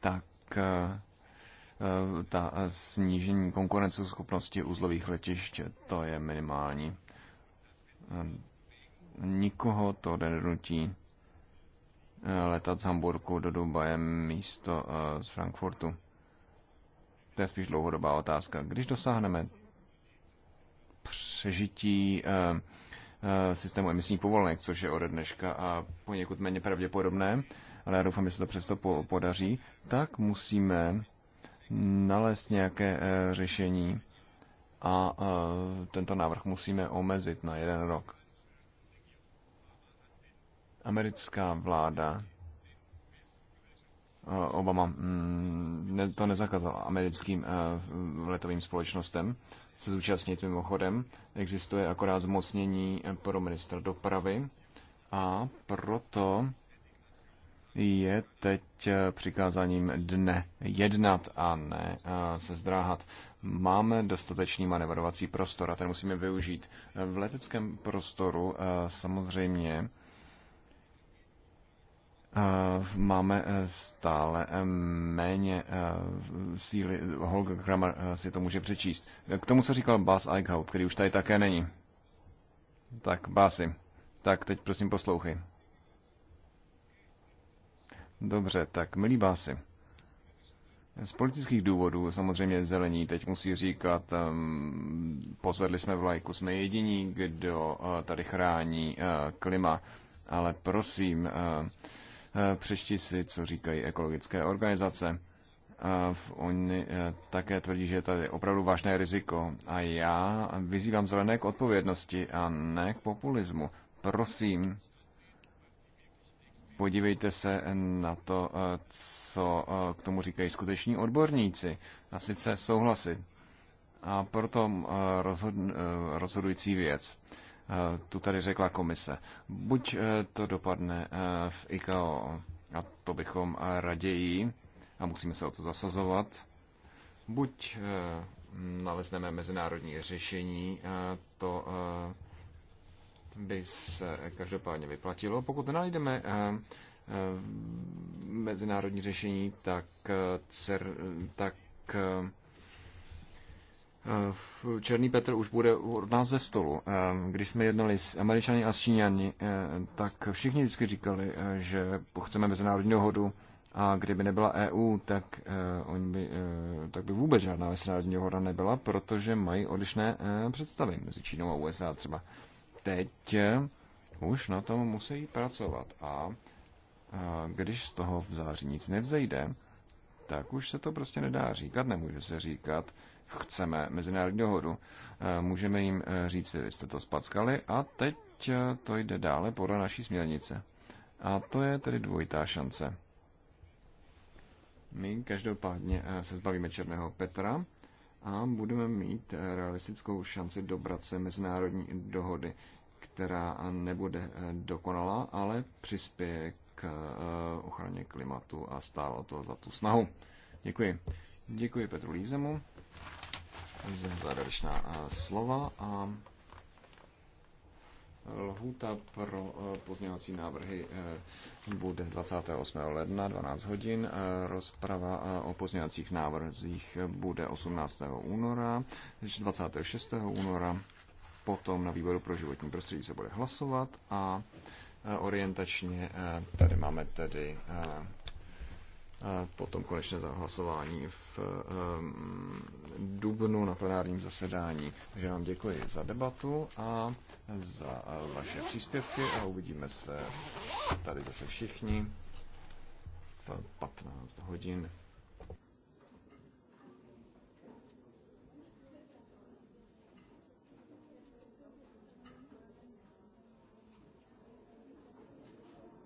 tak ta snížení konkurenceschopnosti uzlových letišť, to je minimální. Nikoho to nedonutí letat z Hamburku do Dubaje místo eh, z Frankfurtu? To je spíš dlouhodobá otázka. Když dosáhneme přežití eh, eh, systému emisních povolenek, což je ode dneška a poněkud méně pravděpodobné, ale já doufám, že se to přesto podaří, tak musíme nalézt nějaké řešení a tento návrh musíme omezit na jeden rok americká vláda eh, Obama mm, to nezakázal americkým eh, letovým společnostem se zúčastnit mimochodem. Existuje akorát zmocnění eh, pro ministra dopravy a proto je teď přikázáním dne jednat a ne se zdráhat. Máme dostatečný manevrovací prostor a ten musíme využít. V leteckém prostoru samozřejmě máme eh, stále eh, méně eh, síly. Holger Kramer si to může přečíst. K tomu, co říkal Bas Eichhout, který už tady také není. Tak, Basi, tak teď prosím poslouchej. Dobře, tak milí Basi. Z politických důvodů samozřejmě zelení teď musí říkat, um, pozvedli jsme vlajku, jsme jediní, kdo uh, tady chrání uh, klima, ale prosím, uh, Přečti si, co říkají ekologické organizace. Oni eh, také tvrdí, že je tady opravdu vážné riziko. A já vyzývám zelené k odpovědnosti a ne k populismu. Prosím, podívejte se na to, eh, co eh, k tomu říkají skuteční odborníci. A sice souhlasit. A proto rozhodující věc. Eh, tu tady řekla komise. Buď eh, to dopadne eh, v ICAO, a to bychom raději, a musíme se o to zasazovat, buď nalezneme mezinárodní řešení, to by se každopádně vyplatilo. Pokud nenajdeme mezinárodní řešení, tak, cer, tak Eh, Černý Petr už bude od nás ze stolu. Eh, když jsme jednali s Američany a s Číňany, eh, tak všichni vždycky říkali, že chceme mezinárodní dohodu a kdyby nebyla EU, tak, oni by, tak by vůbec žádná mezinárodní dohoda nebyla, protože mají odlišné představy mezi Čínou a USA třeba. Teď už na tom musí pracovat a když z toho v září nic nevzejde, tak už se to prostě nedá říkat, nemůže se říkat, chceme mezinárodní dohodu. Eh, můžeme jim eh, říct, že jste to spackali a teď eh, to jde dále podle naší směrnice. A to je tedy dvojitá šance. My každopádně se zbavíme Černého Petra a budeme mít realistickou šanci dobrat se mezinárodní dohody, která nebude dokonalá, ale přispěje k ochraně klimatu a stálo to za tu snahu. Děkuji. Děkuji Petru Lízemu za závěrečná eh, slova a eh, lhůta pro eh, pozměňovací návrhy bude 28. ledna 12 hodin. Rozprava o pozměňovacích návrzích bude 18. února, 26. února. Potom na výboru pro životní prostředí se bude hlasovat a orientačně tady máme tedy potom konečně za hlasování v ehm, dubnu na plenárním zasedání. Takže vám děkuji za debatu a za vaše příspěvky a uvidíme se tady zase všichni v 15 hodin.